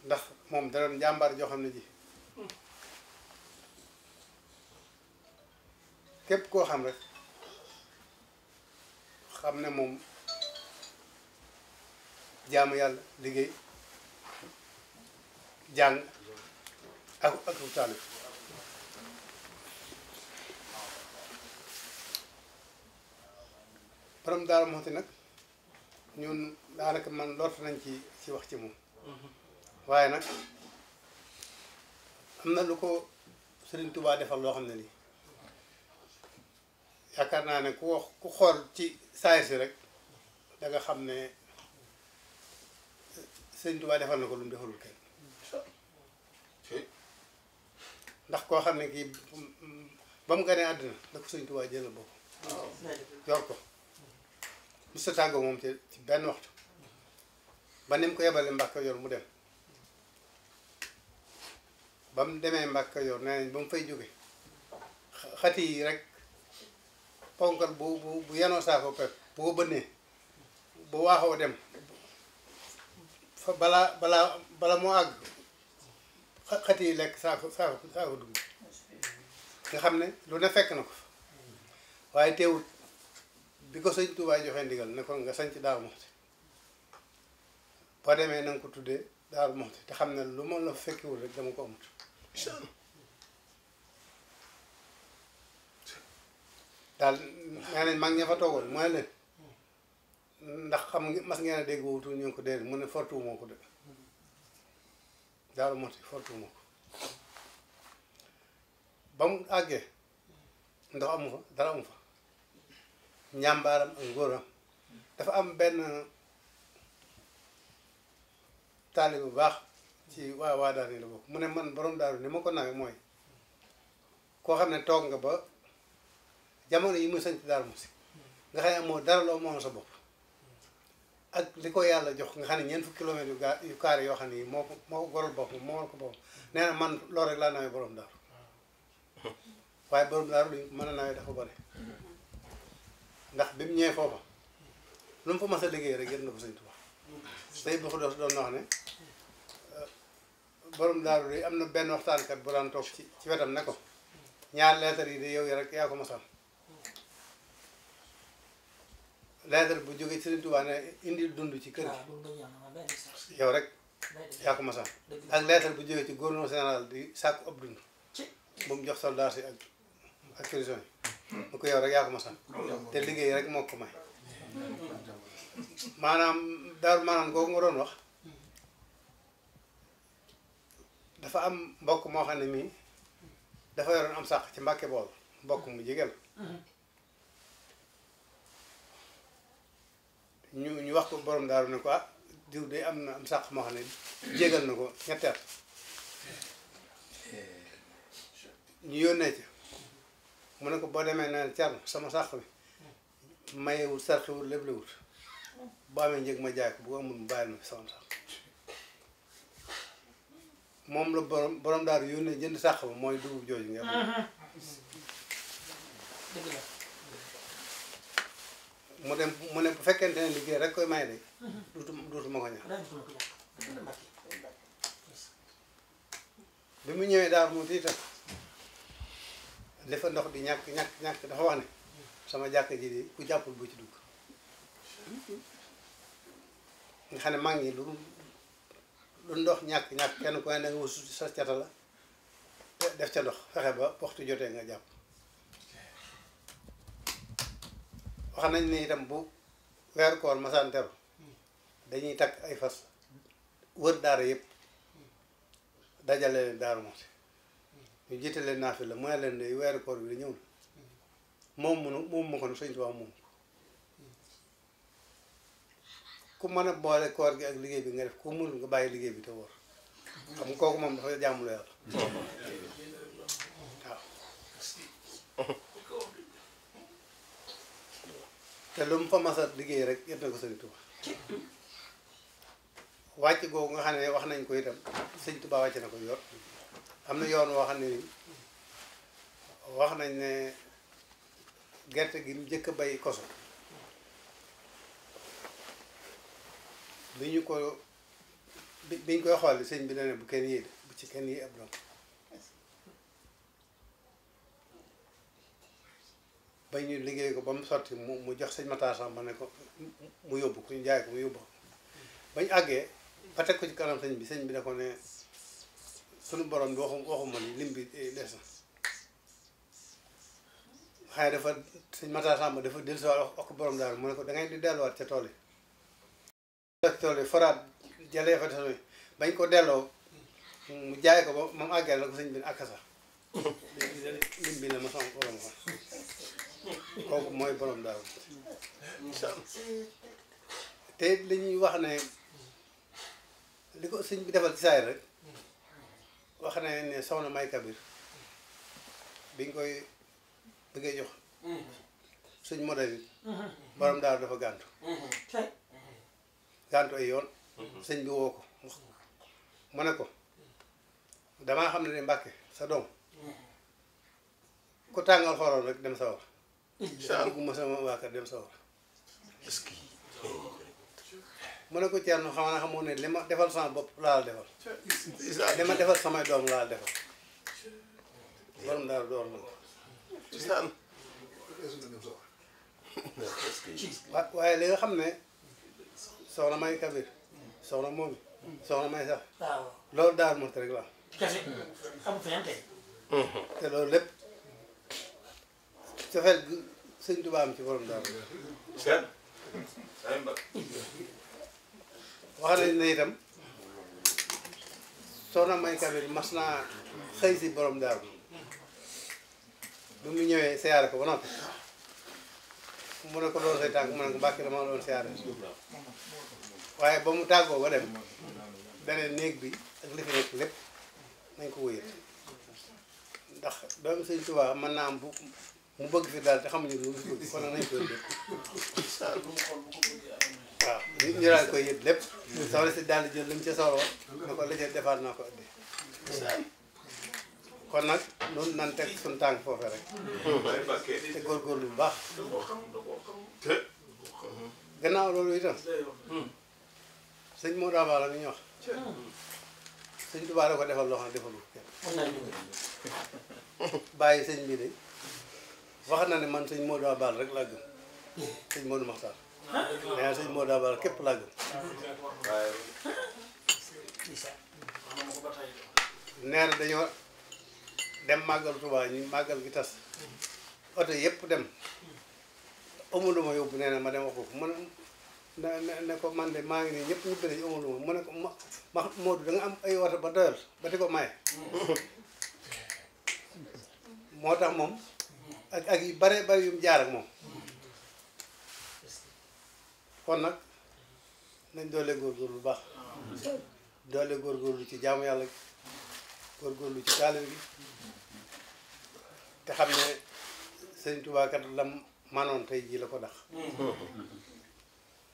ndax moom dara jàmbaar joo xam ne ji képp koo xam rek xam ne moom jaamu yàlla liggéey jàng ak ak taalib borom daal moxti nag ñun daanaka man lort nañ ci ci wax ci moom mm-hmm. waaye nag am na lu ko Sëriñ Tuubaa defal loo xam ne nii yaakaar naa ne ku wax ku xool ci saayir si rek danga xam ne sëñ Tuubaa defal na ko lu mu defalul kenn ndax koo xam ne kii ba mu gënee àddina da ko sëñ Tuubaa jëlal bopp yor ko musta tàggo moom ci benn waxtu ba ni mu ko yebale Mbàkke yor mu dem ba mu demee Mbàkke Kajoor nee nañ ba mu fay jóge xati yi rek ponkal bu bu bu yenoo saako pepp boo bënnee bu waaxoo dem fa balaa balaa bala moo àgg xati yi lekk saako saako saako dugub nga xam ne lu ne fekk na ko waaye teewut bi ko sëñ Tuubaa joxe ndigal ne ko nga sanc Daaru Muxti boo demee na ko tuddee Daaru Muxti te xam ne lu ma la fekkiwul rek dama ko amut daal nee nañ mag ña fa toogoon mu ne ndax xam nga mas ngeen a dégg wowutu ñu ngi ko déedéet mu ne fortu moo ko de daaru moti fortu moo ko ba mu àggee ndox amu fa dara amu fa njàmbaaram dafa am benn taali bu baax ci waa waa daal yi la bokk mu ne man borom daaru ni ma ko nawe mooy koo xam ne toog nga ba jamono yi muy sanc Darou Mouhty nga xam ne amoo dara loo moom sa bopp ak li ko yàlla jox nga xam ne ñeent fukki kilomètres yu gaa yu carré yoo xam ne moo ko moo ko gorul boppam moo ko boppam nee na man loolu rek ndax bi mu ñëwee foofa lu mu fa mas liggéey rek yëpp na ko sëñ Tuubaa tey bu doon doon wax ne borom daaru de am na benn waxtaankat bu daan toog ci ci wetam ne ko ñaar leetar yi de yow yi rek yaa ko mosam lettre bu jógee ci Touba ne indi dund ci kër gi yow rek yaa ma masa ak lettre bu jógee ci gouverneur général di sàkku ab dund bu mu jox soldat si ak ak prison yi mu ko yow rek yaa ma masa te liggéey rek moo ko may maanaam daaru maanaam googu nga doon wax dafa am mbokk moo xam ne mii dafa yoroon am sàq ci mbàkke bool mbokk mu jigéen mm-hmm. ñu ñu wax ko borom daaru ne ko ah diw de am na am sàq moo xam ne jégal na ko ñetti ñu yónnee ca mu ne ko boo demee na car sama sàq bi mayewul sarxiwul lépp la ba boo amee njëg ma jaay ko bu amul mu bàyyil ma sama sàq moom la borom borom daaru yónnee jënd sàq ba mooy dugub jooju nga xam mu dem mu ne bu fekkente ne liggéey rek koy may de. duutu duutu ma ko ñaan. bi mu ñëwee daal mu tiital li fa ndox di ñàkk ñàkk ñàkk dafa wax ne sama jàkk ji di ku jàppul bu ci dugg nga xam ne mag ñi lu lu ndox ñàkk ñàkk kenn ku ne da nga sa cata def ca ndox fexe ba waxtu jotee nga jàpp. wax nañ ne itam bu weer koor masaan dañuy takk ay fas wër daara yëpp dajale leen daaru moom ñu jiite leen naafi la mu ne leen de koor bi da ñëw moom munu moom mu ko nu sëñ Tuubaa moom ku mën a boole koor gi ak liggéey bi nga def ku mënul nga bàyyi liggéey bi te wóor xam kooku moom dafa jàmmuloo yàlla <laughs> waaw te lu mu fa mas liggéey rek yëpp na ko sëriñ Tuubaa wàcc googu nga xam ne wax nañ ko itam sëñ Tuubaa wàcc na ko yoon am na yoon woo xam ne ni wax nañ ne gerte gi mu njëkk a bay koso bi ñu ko biñ koy xool sëñ bi ne bu kenn yéeg bu ci kenn yéeg ab doom ba ñu liggéey ko ba mu sotti mu mu jox sëñ Matar ne ko mu yóbbu ko jaay ko mu bañ àggee ba teg ko ci bi sëñ bi ne sunu borom bi waxu ma ni lim bi eh, des na xëy dafa dafa dellusiwaat wax borom daal mu ne ko da ngay di delluwaat ca tool yi. ca tool yi foraat fa bañ ko delloo mu jaay ko ba mu àggee la ko sëñ bi ne ak sax <coughs> lim bi ne ma sama borom ko. kooku mooy borom daaru te li ñuy wax ne li ko sëñ bi defal ci saay rek wax ne ne soxna may kabir biñ koy bëggee jox sëñ moda bi borom daaru dafa gàntu gàntu yoon sëñ bi woo ko mu ne ko damaa xam ne ne mbàkke sa doom ku tàngal xooloon rek dem sa wax incha allah ma sama waa mu ne ko Thierno xam naa xamoo ne li ma defal bopp laa la defal. li ma laa la defal. waaye li nga xam ne soxna may kabir soxna moom soxna may sax. loolu daal moo rek la mhm. te loolu lépp cofeel sëñ Tuubaa am ci borom daal. seen ay mbag. wax nañ ne itam soxna May Kabir mas naa xëy si borom daal bi mu ñëwee siyaare ko ba noppi mu ko loolu say tànk mu ne ko mbàkki dama waaye ba mu tàggoo ba dem beneen néeg bi ak li nekk lépp nañ ko wóyal ndax doomu sëñ Tuubaa mën naa am bu mu bëgg fi daal te xam lu mu bëgg kon nañ koy yëg waaw koy yëg lépp soxna si daal di jël li mu ca soxla na ko la defaat naa ko indi kon nag noonu nan te suñu tànk foofe rek te góorgóorlu bu baax gannaaw loolu itam sëñ moo daa baax la mi wax sëñ Tuubaa da ko defal loo xam ne defalul kenn bàyyi sëñ bi wax na ne man sëñ Modou Abal rek laa gëm sëñ Modou Maxtaar nee na sëñ képp laa gëm dañoo dem màggal Tuubaa ñu màggal gi tas oto yëpp dem amuluma yóbbu nee ma dem wax ko mu ne ne ko man de maa ngi nii ñëpp ñëpp dañu amuluma mu ne ko ma ma Modou da am ay oto ba doyal ba di ko maye <laughs> moo tax moom. ak ak yu bare bare yu mu jaar ak moom kon nag nañ doole góor góor bu baax doole lu ci jaamu yàlla gi lu ci taalibe gi te xam ne sëñ Tuubaa la manoon tey jii la ko dax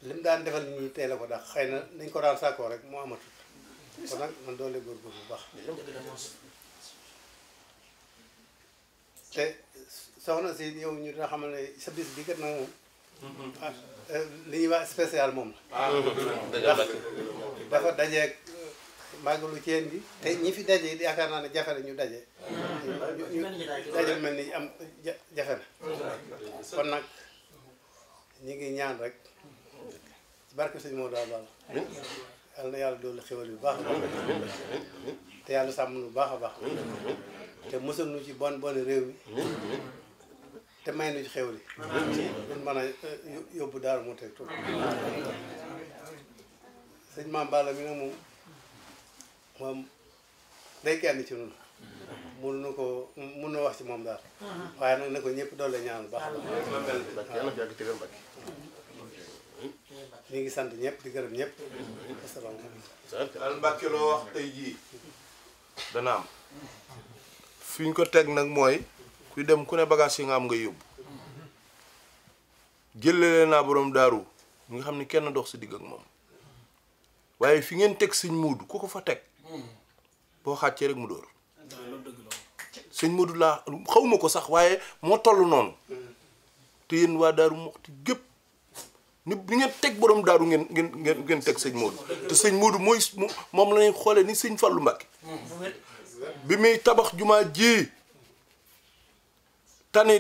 lim daan defal nit ñi tey la ko dax xëy na nañ ko daan sàkkoo rek moo amatut kon nag man doole góorgóorlu bu baax te soxna si yow ñu dina xamal ne sa bi kat nag moom mm-hmm. ah, euh, li ñuy wax spécial moom la ah, ndax dafa dajeeg euh, màggalu ceen gi te ñi fi daje it yaakaar naa ne jafe na ñu daje ñu daje mel ni am jafe na kon nag ñu ngi ñaan rek ci barke moo daal daal yàlla na yàlla doolu xéwal bu baax a baax te yàlla sàmm nu bu baax a baax te mësal nu ci bon bon réew mi te may nañu xew li ñun mën a eh, yóbbu daaru moo teg tur Maam Balla mi nag moom moom day kenn ci ñun mënu nu ko mën na wax ci moom daal waaye nag na ko ñëpp doole ñaan baax ñu ngi sant ñëpp di gërëm ñëpp asalaamaaleykum fi ñu ko teg nag mooy yu dem ku ne bagage yi nga am nga yóbbu jëlale naa borom daaru nga xam ni kenn dox si digg ak moom waaye fi ngeen teg sëñ muudu ko ko fa teg boo xàccee rek mu dóor sëñ muudu laa xawma ko sax waaye moo toll noonu te yéen waa daaru moxti gépp ni bi ngeen teg borom daaru ngeen ngeen ngeen teg sëñ Modou te sëñ Modou mooy moom lañuy ñuy xoolee ni sëñ Fallou Mbacké bi muy tabax jumaa ji tani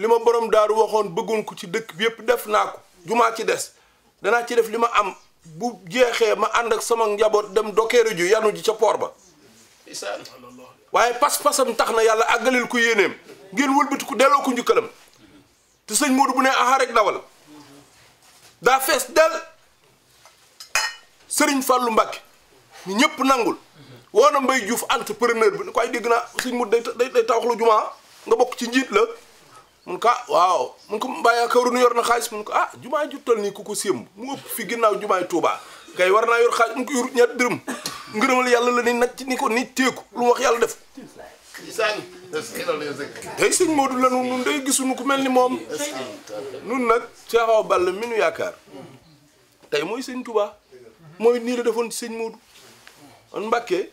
li ma boroom daaru waxoon bëggum ko ci dëkk bi yëpp def naa ko jumaa ci des danaa ci def li ma am bu jeexee ma ànd ak sama njaboot dem dokeeru ju yanu ji ca poor ba waaye pas-pasam tax na yàlla àggalil ko yéeneem ngeen wëlbati ku delloo ko njukkalam te sëñ Modou bu ne aha rek dawal daa fees del sëriñ Fallou Mbacke ñu ñëpp nangul woona Mbaye Diouf entrepreneur bi ni koy dégg naa sëñ Modou day day jumaa nga bokk ci njiit la mun ko ah waaw mun ko mbàyyaa kawrunu yor na xaalis mun ko ah jumaa juttal nii ku ko sémb mu ëpp fi ginnaaw jumaay Tuubaa kay war naa yor xaalis mun ko yor ñett dërëm ngërëmal yàlla la ni nag ci ni ko ni téeku lu mu wax yàlla def day sëñ Moodu la nun day gisuñu ku mel ni moom nun nag Cheikh Awa Balla mi nu yaakaar tey mooy sëñ Tuubaa mooy nii la defoon ci sëñ Moodu on Mbàkke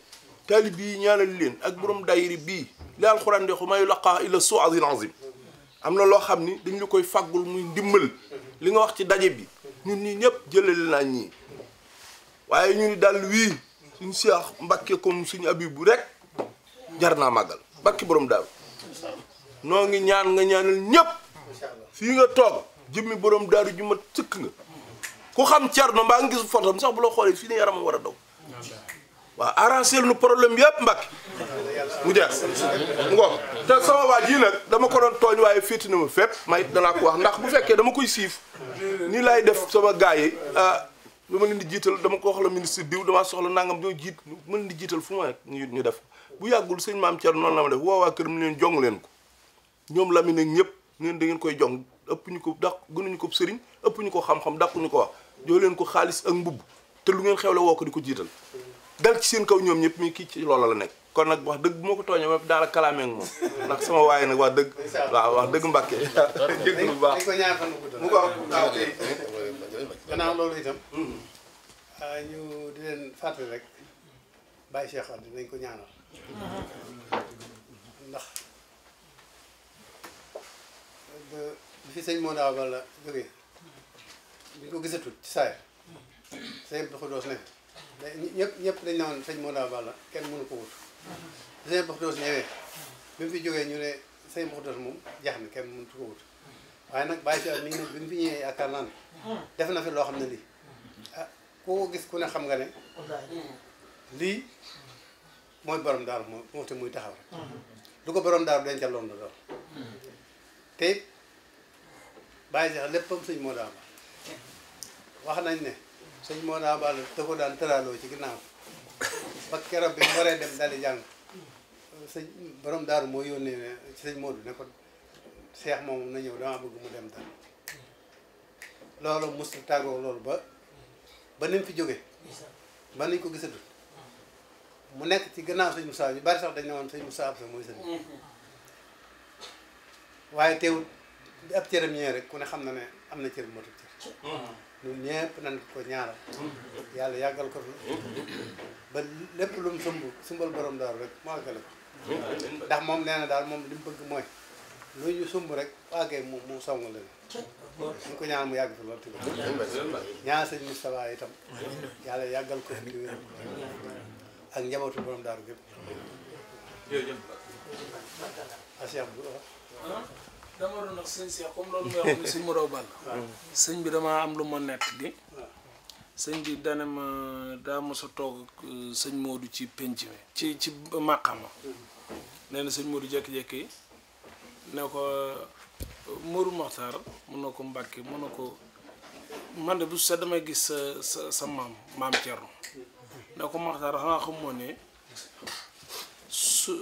taalib bii ñaanal leen ak borom dayiri bii li alxuraan xu wax ma yulaqaa illa su azim azim am na loo xam ni dañ la koy faggul muy ndimbal li nga wax ci daje bi ñun ñii ñëpp jëlale naa ñii waaye ñu ni daal wii suñ seex mbàkke comme suñu abib bu rek jar naa màggal mbakki borom daaru noo ngi ñaan nga ñaanal ñëpp fii nga toog jëmmi borom daaru ji ma sëkk nga ku xam cerno mbaa nga gis fotom sax bu la xoolee fii ne yaram war a daw waaw arrangé lu problème yëpp Mbacke mu jeex ngox te sama waa jii nag dama ko doon tooñ waaye féeti na ma fépp may danaa ko wax ndax bu fekkee dama koy siif nii laay def sama gars yi a ah, lu ma leen di jiital dama ko wax la ministre diw damaa soxla nangam ñoo jiit ma leen di jiital fu ma ñu ñu def bu yàggul sëñ maam Thierno noonu la ma def woowaa kër mu leen jong leen ko ñoom Lamine ak ñëpp neen da ngeen koy jong ëpp ñu ko dàq gënuñu ko sëriñ ëpp ñu ko xam-xam ko wax leen ko xaalis ak mbubb te lu ngeen xewle woo ko di ko jiital dal ci seen kaw ñoom ñëpp mi kii ci loola la nekk kon nag wax dëgg bu ma ko tooñee ma daal a kalaamee ak moom ndax sama waaye nag wax dëgg waaw wax dëgg mbàkke dégg ko waaw tey gannaaw loolu itam ñu di leen fàttali rek bàyyi Cheikh Anta dinañ ko ñaanal ndax ba fi sëñ moo daaw bala jógee bi ñu ko gisatul ci saay sëñ bi dox doos ne ñëpp ñëpp dañ na sëñ Modou Awa Balla kenn mënu ko wut. sëñ Boxdoos ñëwee bi mu fi jógee ñu ne sëñ Boxdoos mu jeex na kenn mënut ko wut waaye nag bàyyi si waat mi bi mu fi ñëwee yaakaar naa def na fi loo xam ne lii ah gis ku ne xam nga ne lii mooy borom daal moo moo te muy taxaw rek lu ko borom daal dencal loon la doon te bàyyi si léppam sëñ Modou Awa wax nañ ne. sëñ moo naa ball da ko daan tëraloo ci ginnaaw ba keroog bi mu waree dem dali jàng sëñ borom daaru moo yónnee ne sëñ Modou ne ko seex moom na ñëw dama bëgg mu dem dal loolu musul tàggoo loolu ba ba ni mu fi jógee ba nañ ko gisatul mu nekk ci gannaaw sëñ Moussa bi bari sax dañ ne woon sëñ Moussa mooy sëñ waaye teewul bi ab cëram ñëwee rek ku ne xam na ne am na cër motu cër ñun ñëpp nañ ko ñaaral yàlla yàggal ko fi ba lépp lu mu sumb sumbal borom daaru rek mu àggale ndax moom nee na daal moom li mu bëgg mooy lu ñu sumb rek àggee mu mu song leen ñu ko ñaan mu yàgg fi loolu tamit ñaan sëñ Moustapha itam yàlla yàggal ko fi wér ak njabootu borom daaru gépp dama doon wax sëñ Cheikh comme loolu <laughs> hmm. sëñ bi damaa am lu ma nett gi sëñ bi dane ma daa mos a toog uh, sëñ Modou ci penc mi ci ci màqama hmm. nee na sëñ Modou jékki-jékki ne ko uh, Modou Mokhtar mun na ko Mbàkke mun na ko man de bu sa gis sa sa sa maam maam hmm. xamoo ne su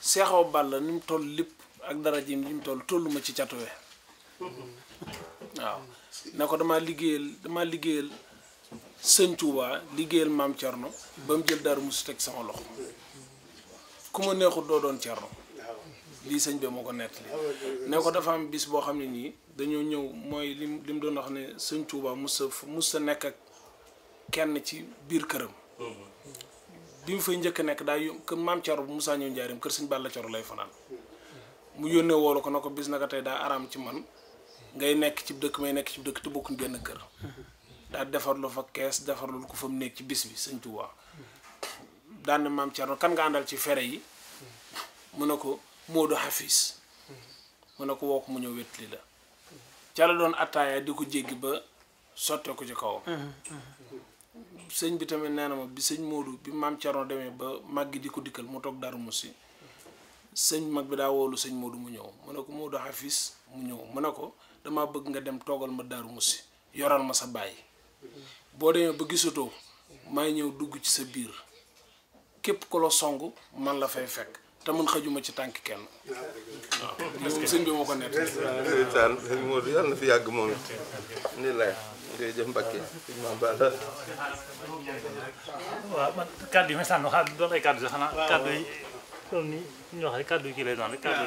Seexaw uh, Balla ni toll lépp ak dara ji mu toll tolluma ci catuwe waaw ne ko damaa liggéeyal damaa liggéeyal sëñ Touba liggéeyal maam Thierno ba mu jël dara musu teg sama loxo ku ma neexut doo doon Thierno lii sëñ bi moo ko nettali ne ko dafa am bis boo xam ne nii dañoo ñëw mooy lim mu doon wax ne sëñ Touba musa musa nekk ak kenn ci biir këram. bi mu fay njëkk nekk daa yomb kër maam Thierno bu musaa ñëw njaarim kër suñ Balla Thierno lay fanaan. mu yónnee woolu ko na ko bis naka tey daa araam ci man ngay nekk ci dëkk may nekk ci dëkk te bokkuñ benn kër daa defarlu fa kees defarlu ko fa mu nekk ci bis bi sëñ Tuubaa daan na maam Thierno kan nga àndal ci fere yi mu ne ko Modou Hafiz mu ne ko woo mu ñëw wetli la ca la doon attaaya di ko jéggi ba sottee ko ci kawam sëñ bi tamit nee na ma bi sëñ Modou bi maam Thierno demee ba màggi di ko dikkal mu toog Darou Moussi sëñ mag bi daa woolu sëñ Modou mu ñëw mu ne ko Modou Hafiz mu ñëw mu ne ko damaa bëgg nga dem toogal ma Daaru mus yoral ma sa bàyyi boo demee ba gisatoo maay ñëw dugg ci sa biir képp ku la man la fay fekk te man xajuma ci tànk kenn waaw moom sëñ bi moo ko nett ndeysaan sëñ Modou yàlla na fi yàgg moom it ni lay ngay jëf Mbakke kàddu yi ma sànni xaa doon ay kàddu yi xanaa kàddu yi loolu ni ñu wax rek kàddu yi ci lay doon rek kàddu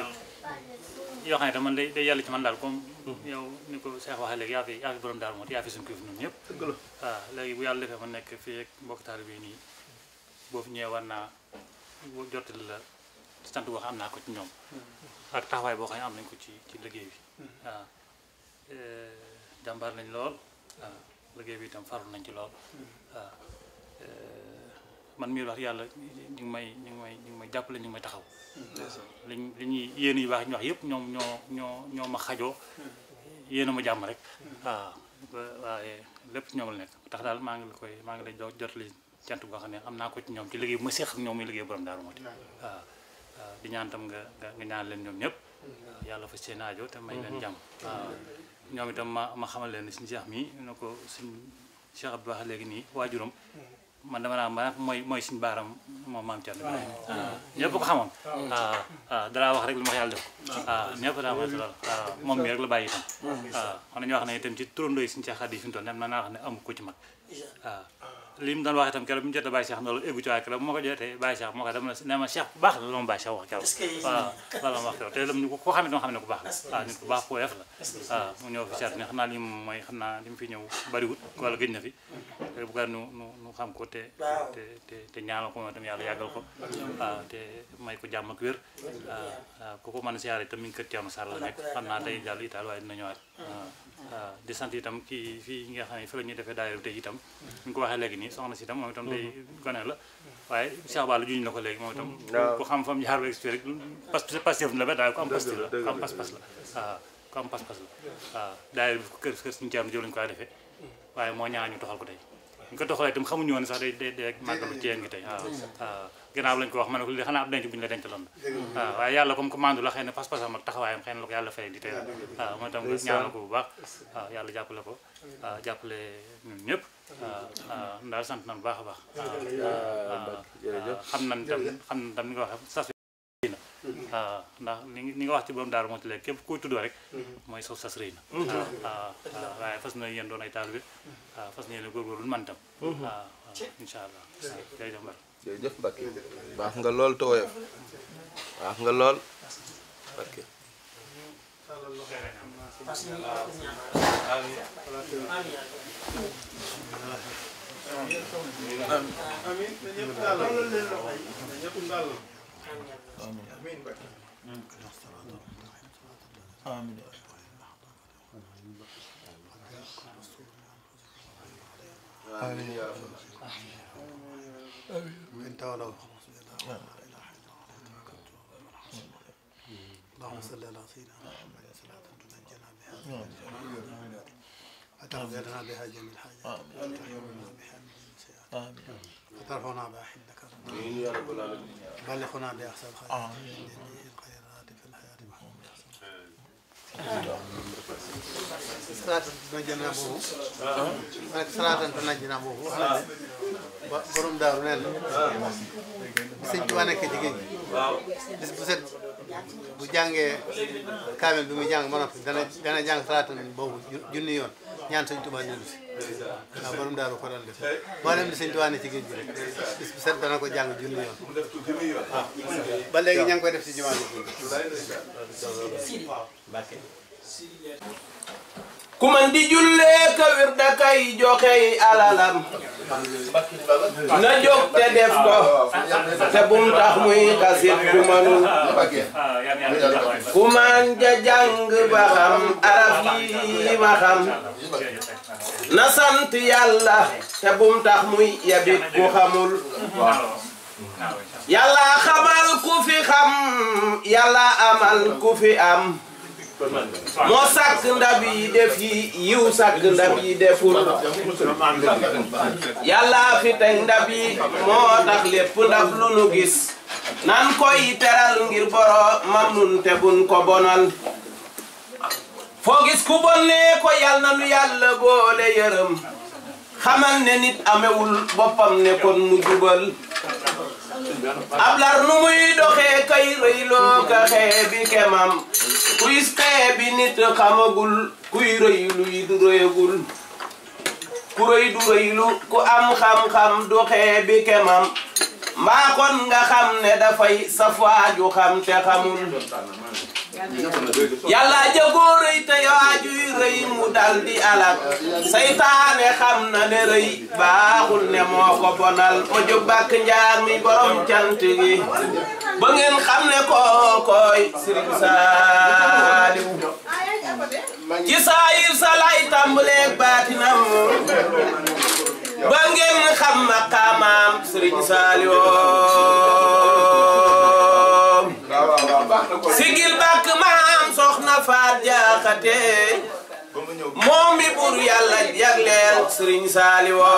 yoo xam ne man day day yàlla ci man daal comme yow ni ko seex waxee léegi yaa fi yaa fi borom daal moo fi suñu ñëpp waaw léegi yàlla defee nekk fii ak mbokk bi nii boo fi ñëwee war naa jottali la sant boo xam am naa ko ci ñoom hmm. ak taxawaay boo xam am nañ ko ci ci liggéey bi hmm. waaw eh, jàmbaar nañ lool waaw liggéey bi itam farlu nañ ci lool hmm. man mii wax yàlla ñu may ñu ngi may ñu ngi may jàppale ñu ngi may taxaw. liñ li ñuy yéen yu baax ñu wax yëpp ñoom ñoo ñoo ñoo ma xajo yéen a ma jàmm rek. waaw waaye lépp ñoom la nekk tax daal maa ngi la koy maa ngi lay jotali cant boo xam ne am naa ko ci ñoom ci ma seex ak ñoom muy liggéey borom moo waaw di ñaan tam nga nga ñaan leen ñoom ñëpp. yàlla fa seen aajo te may leen mhm. jàmm. waaw ñoom itam ma xamal leen ne suñu seex mii na ko suñu seex Abdou wax léegi nii waajuram mhm. man dama a mbaa mooy mooy suñu baaram moom maam Thierno Ibrahima ah, ah, ah. ñëpp ko xamoon waaw waaw dalaa wax rek lu ma ko yàlla def waaw ñëpp daa wax loolu waaw moom mi rek la bàyyi itam waaw xam wax ne itam ci turandoo yi suñu Cheikh Khady fi mu toll ne naa wax ne amu ko ci mag waaw li mu doon wax tam keroog bi mu jotee Baye Cheikh noonu éggu ma ko jotee Baye Cheikh moo ko dama ne ma baax la loolu Baye Cheikh wax keroog waaw loolu ma wax keroog ne dama xam ne ku baax la waaw la waaw mu fi seet ne xam naa li mooy xam naa li mu fi ñëw bariwut wala gëj na fi bu ko nu nu nu xam ko te te te te ñaanal ko moom itam yàlla yàggal ko waaw te may ko jàmm ak wér waaw ku ko mën a siyaare itam mi ngi kër Thierno Sall la nekk xam naa tey jàll Italie waaye dina ñëwaat waaw di sant itam kii fii nga xam ne fa la ñuy defee daayira tey itam ñu ko waxee léegi nii soxna si itam moom itam day gone la waaye Cheikh Balla juñ na ko léegi moom itam mm-hmm. ku xam la waaw ku am kër kër suñu ceerno jëluñu ko daa defee waaye moo ñaan ñu toxal ko tey ñu ko itam xamuñu woon sax day day day màggalu ceen gi tey waaw waaw ginnaaw lañ ko wax ma a ko li xanaa ab denc bu ñu la dencaloon la waaw waaye yàlla comme commande la xëy na pas-pasam ak taxawaayam xëy na la ko yàlla fay di tey waaw mooy tam sant nañu bu baax a baax xam nañ tam tam ni nga waxee sas na waaw ndax ni nga wax ci borom daaru moo ci léegi képp kuy tudd rek mooy saw sas rëy na waaw waaye fas na doon ay taalibe waaw fas na yéen góorgóorlu man tam waaw incha allah jërëjëf Mbacke baax nga lool tooyaf baax nga lool Mbacke آمين آمين وإن تولوا فقل لا إله إلا الله توكلت اللهم صل على سيدنا محمد صلاة تنجينا بها وتغفرنا بها جميع الحاجات وتحرمنا بها من السيئات وترفعنا بأحبك بلغنا بأحسن الخيرات الخيرات في الحياة محمد salaatan najjanaa boobu salaatan najjanaa boobu ba borom daaru nee na. waaw. sëñ Tuubaa nekk ci géej bis bu set bu jàngee kaamil bi mu jàng ba noppi dana dana jàng salaatan boobu junni yoon ñaan sëñ Tuubaa ñëw si. waaw daaru ko daan def mboolem di sëñ Tuubaa ci géej gi rek bis bu set dana ko jàng junni yoon waaw ba ña ngi koy def ci jumaa bi. ku man di jullee ka wir dakay joxey alalam na jóg te def ko te bum tax muy kasit ku manul ku man ja ba xam araf ma xam na sant yàlla te bum tax muy yabit ku xamul yàlla xamal ku fi xam yàlla amal ku fi am moo sàkk ndab yi def yiw sàkk ndab yi deful yàllaa fi teg ndab moo tax lépp ndab lu nu gis nan koy ngir boro mam nun ko bonal foo gis ku bonne ko yàl na lu yàlla boole yërëm xamal ne nit amewul boppam ne kon mu jubal ab lar nu muy doxee kay rëyloo ka xeebi kemam kuy xeebi nit xamagul kuy rëy luy du rëyagul ku rëy du rëylu ku am xam-xam du xeebi kemam mbaa kon nga xam ne dafay safwaaju xam te xamul yàlla jagoo rëy te waajuy rëy mu dal di alak saytaane xam na ne rëy baaxul ne moo ko bonal mu jóg bàkk njaar mi borom cant gi ba ngeen xam ne kookooy Sëriñ Saaliw ci saayir sa lay tàmbaleeg baatinam ba ngeen xam maqaamaam Sëriñ Saaliw sigil bàkk maam soxna faat jaaxate moom mi bur yàlla jagleel sëriñ saaliwo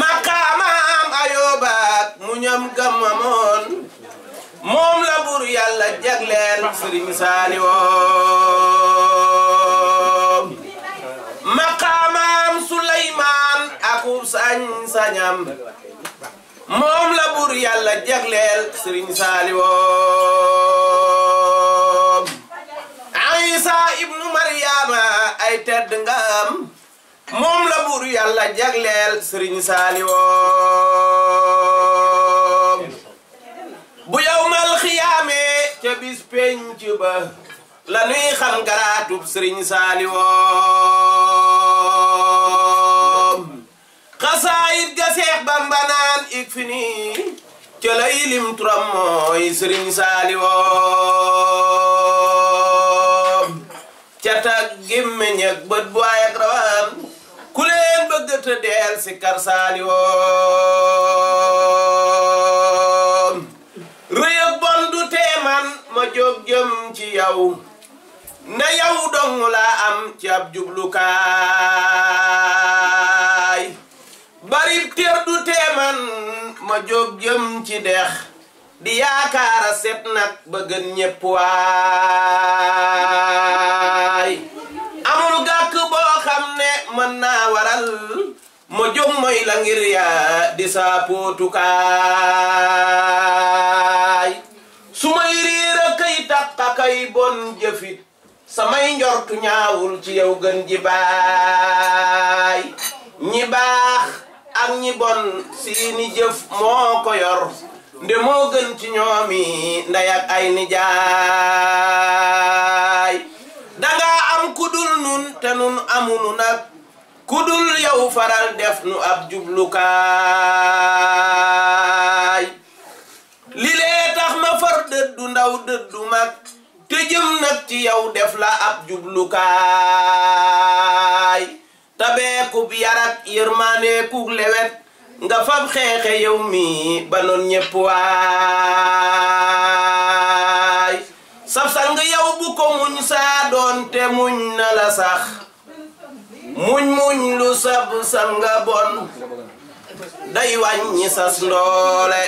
maqaamaam ayoobaak mu ñam gammamoon moom la bur yàlla jagleel sëriñ saaliwo maqaamaam suleymaan akub sañ sañam moom la buur yàlla jagleel sëriñ saaliwoom isa ibnu maryama ay tedd am moom la buur ca bis penc la nuy xam garaatub sëriñ saaliwoom xasaay la Seex Bamba naan ik fi nii ca la yilim turam mooy Sëriñ Saaliwoo ca tag gémmiñ ak bët bu waay ak rawaan ku leen bëgg te deel si kar Saaliwoo rëy bon du teeman ma jóg jëm ci yow na yow dong laa am ci ab jublukaay ter du teeman ma jóg jëm ci dex di yaakaara set nag ba gën ñépp waay amul gàkk boo xam ne mën naa waral ma jóg mooy la ngir yaa di saa pootukaay su may riir a kay takka kay bon jëfit samay njortu ñaawul ci yow gën ji baay ñi baax ak ñi bon seeni jëf moo koyor yor moo gën ci ñoomi nday ak ay nijaay danga am kudul nun te nun amunu nag kudul yow faral def nu ab jublukaay li lee tax ma far dëddu ndaw dëddu mag te jëm nag ci yow def la ab jublukaay tabeekub yar ak yërmaaneekuk lewet nga fab xeexe yow mi ba noon ñépp waay sab sang yow bu ko muñ saa doonte muñ na la sax muñ muñ lu sab sanga bon day wàññi sas ndoole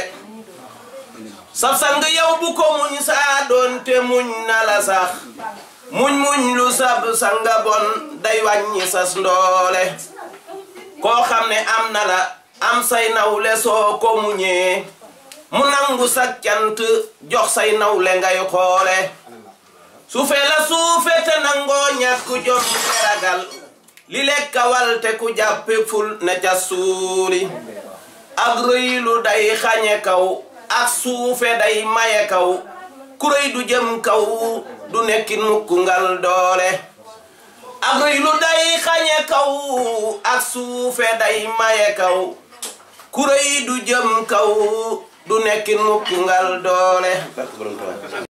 sab sang yow bu ko muñ saa doonte muñ na la sax muñ muñ lu sab sanga day wàññi sas ndoole koo xam ne am na la am say nawle soo ko muñee mu nangu sak jox say nawle ngay xoole suufe la suufe te nangoo ñàkk jom te ragal li lekkawal te ku jàppi ful ne ca suuli ak rëy day xañe kaw ak suufe day maye kaw ku rëy du jëm kaw du nekkin mukk ngal doole ak rëy lu day xañe kaw ak suufe day maye kaw ku rëy du jëm kaw du nekkin mukk ngal doole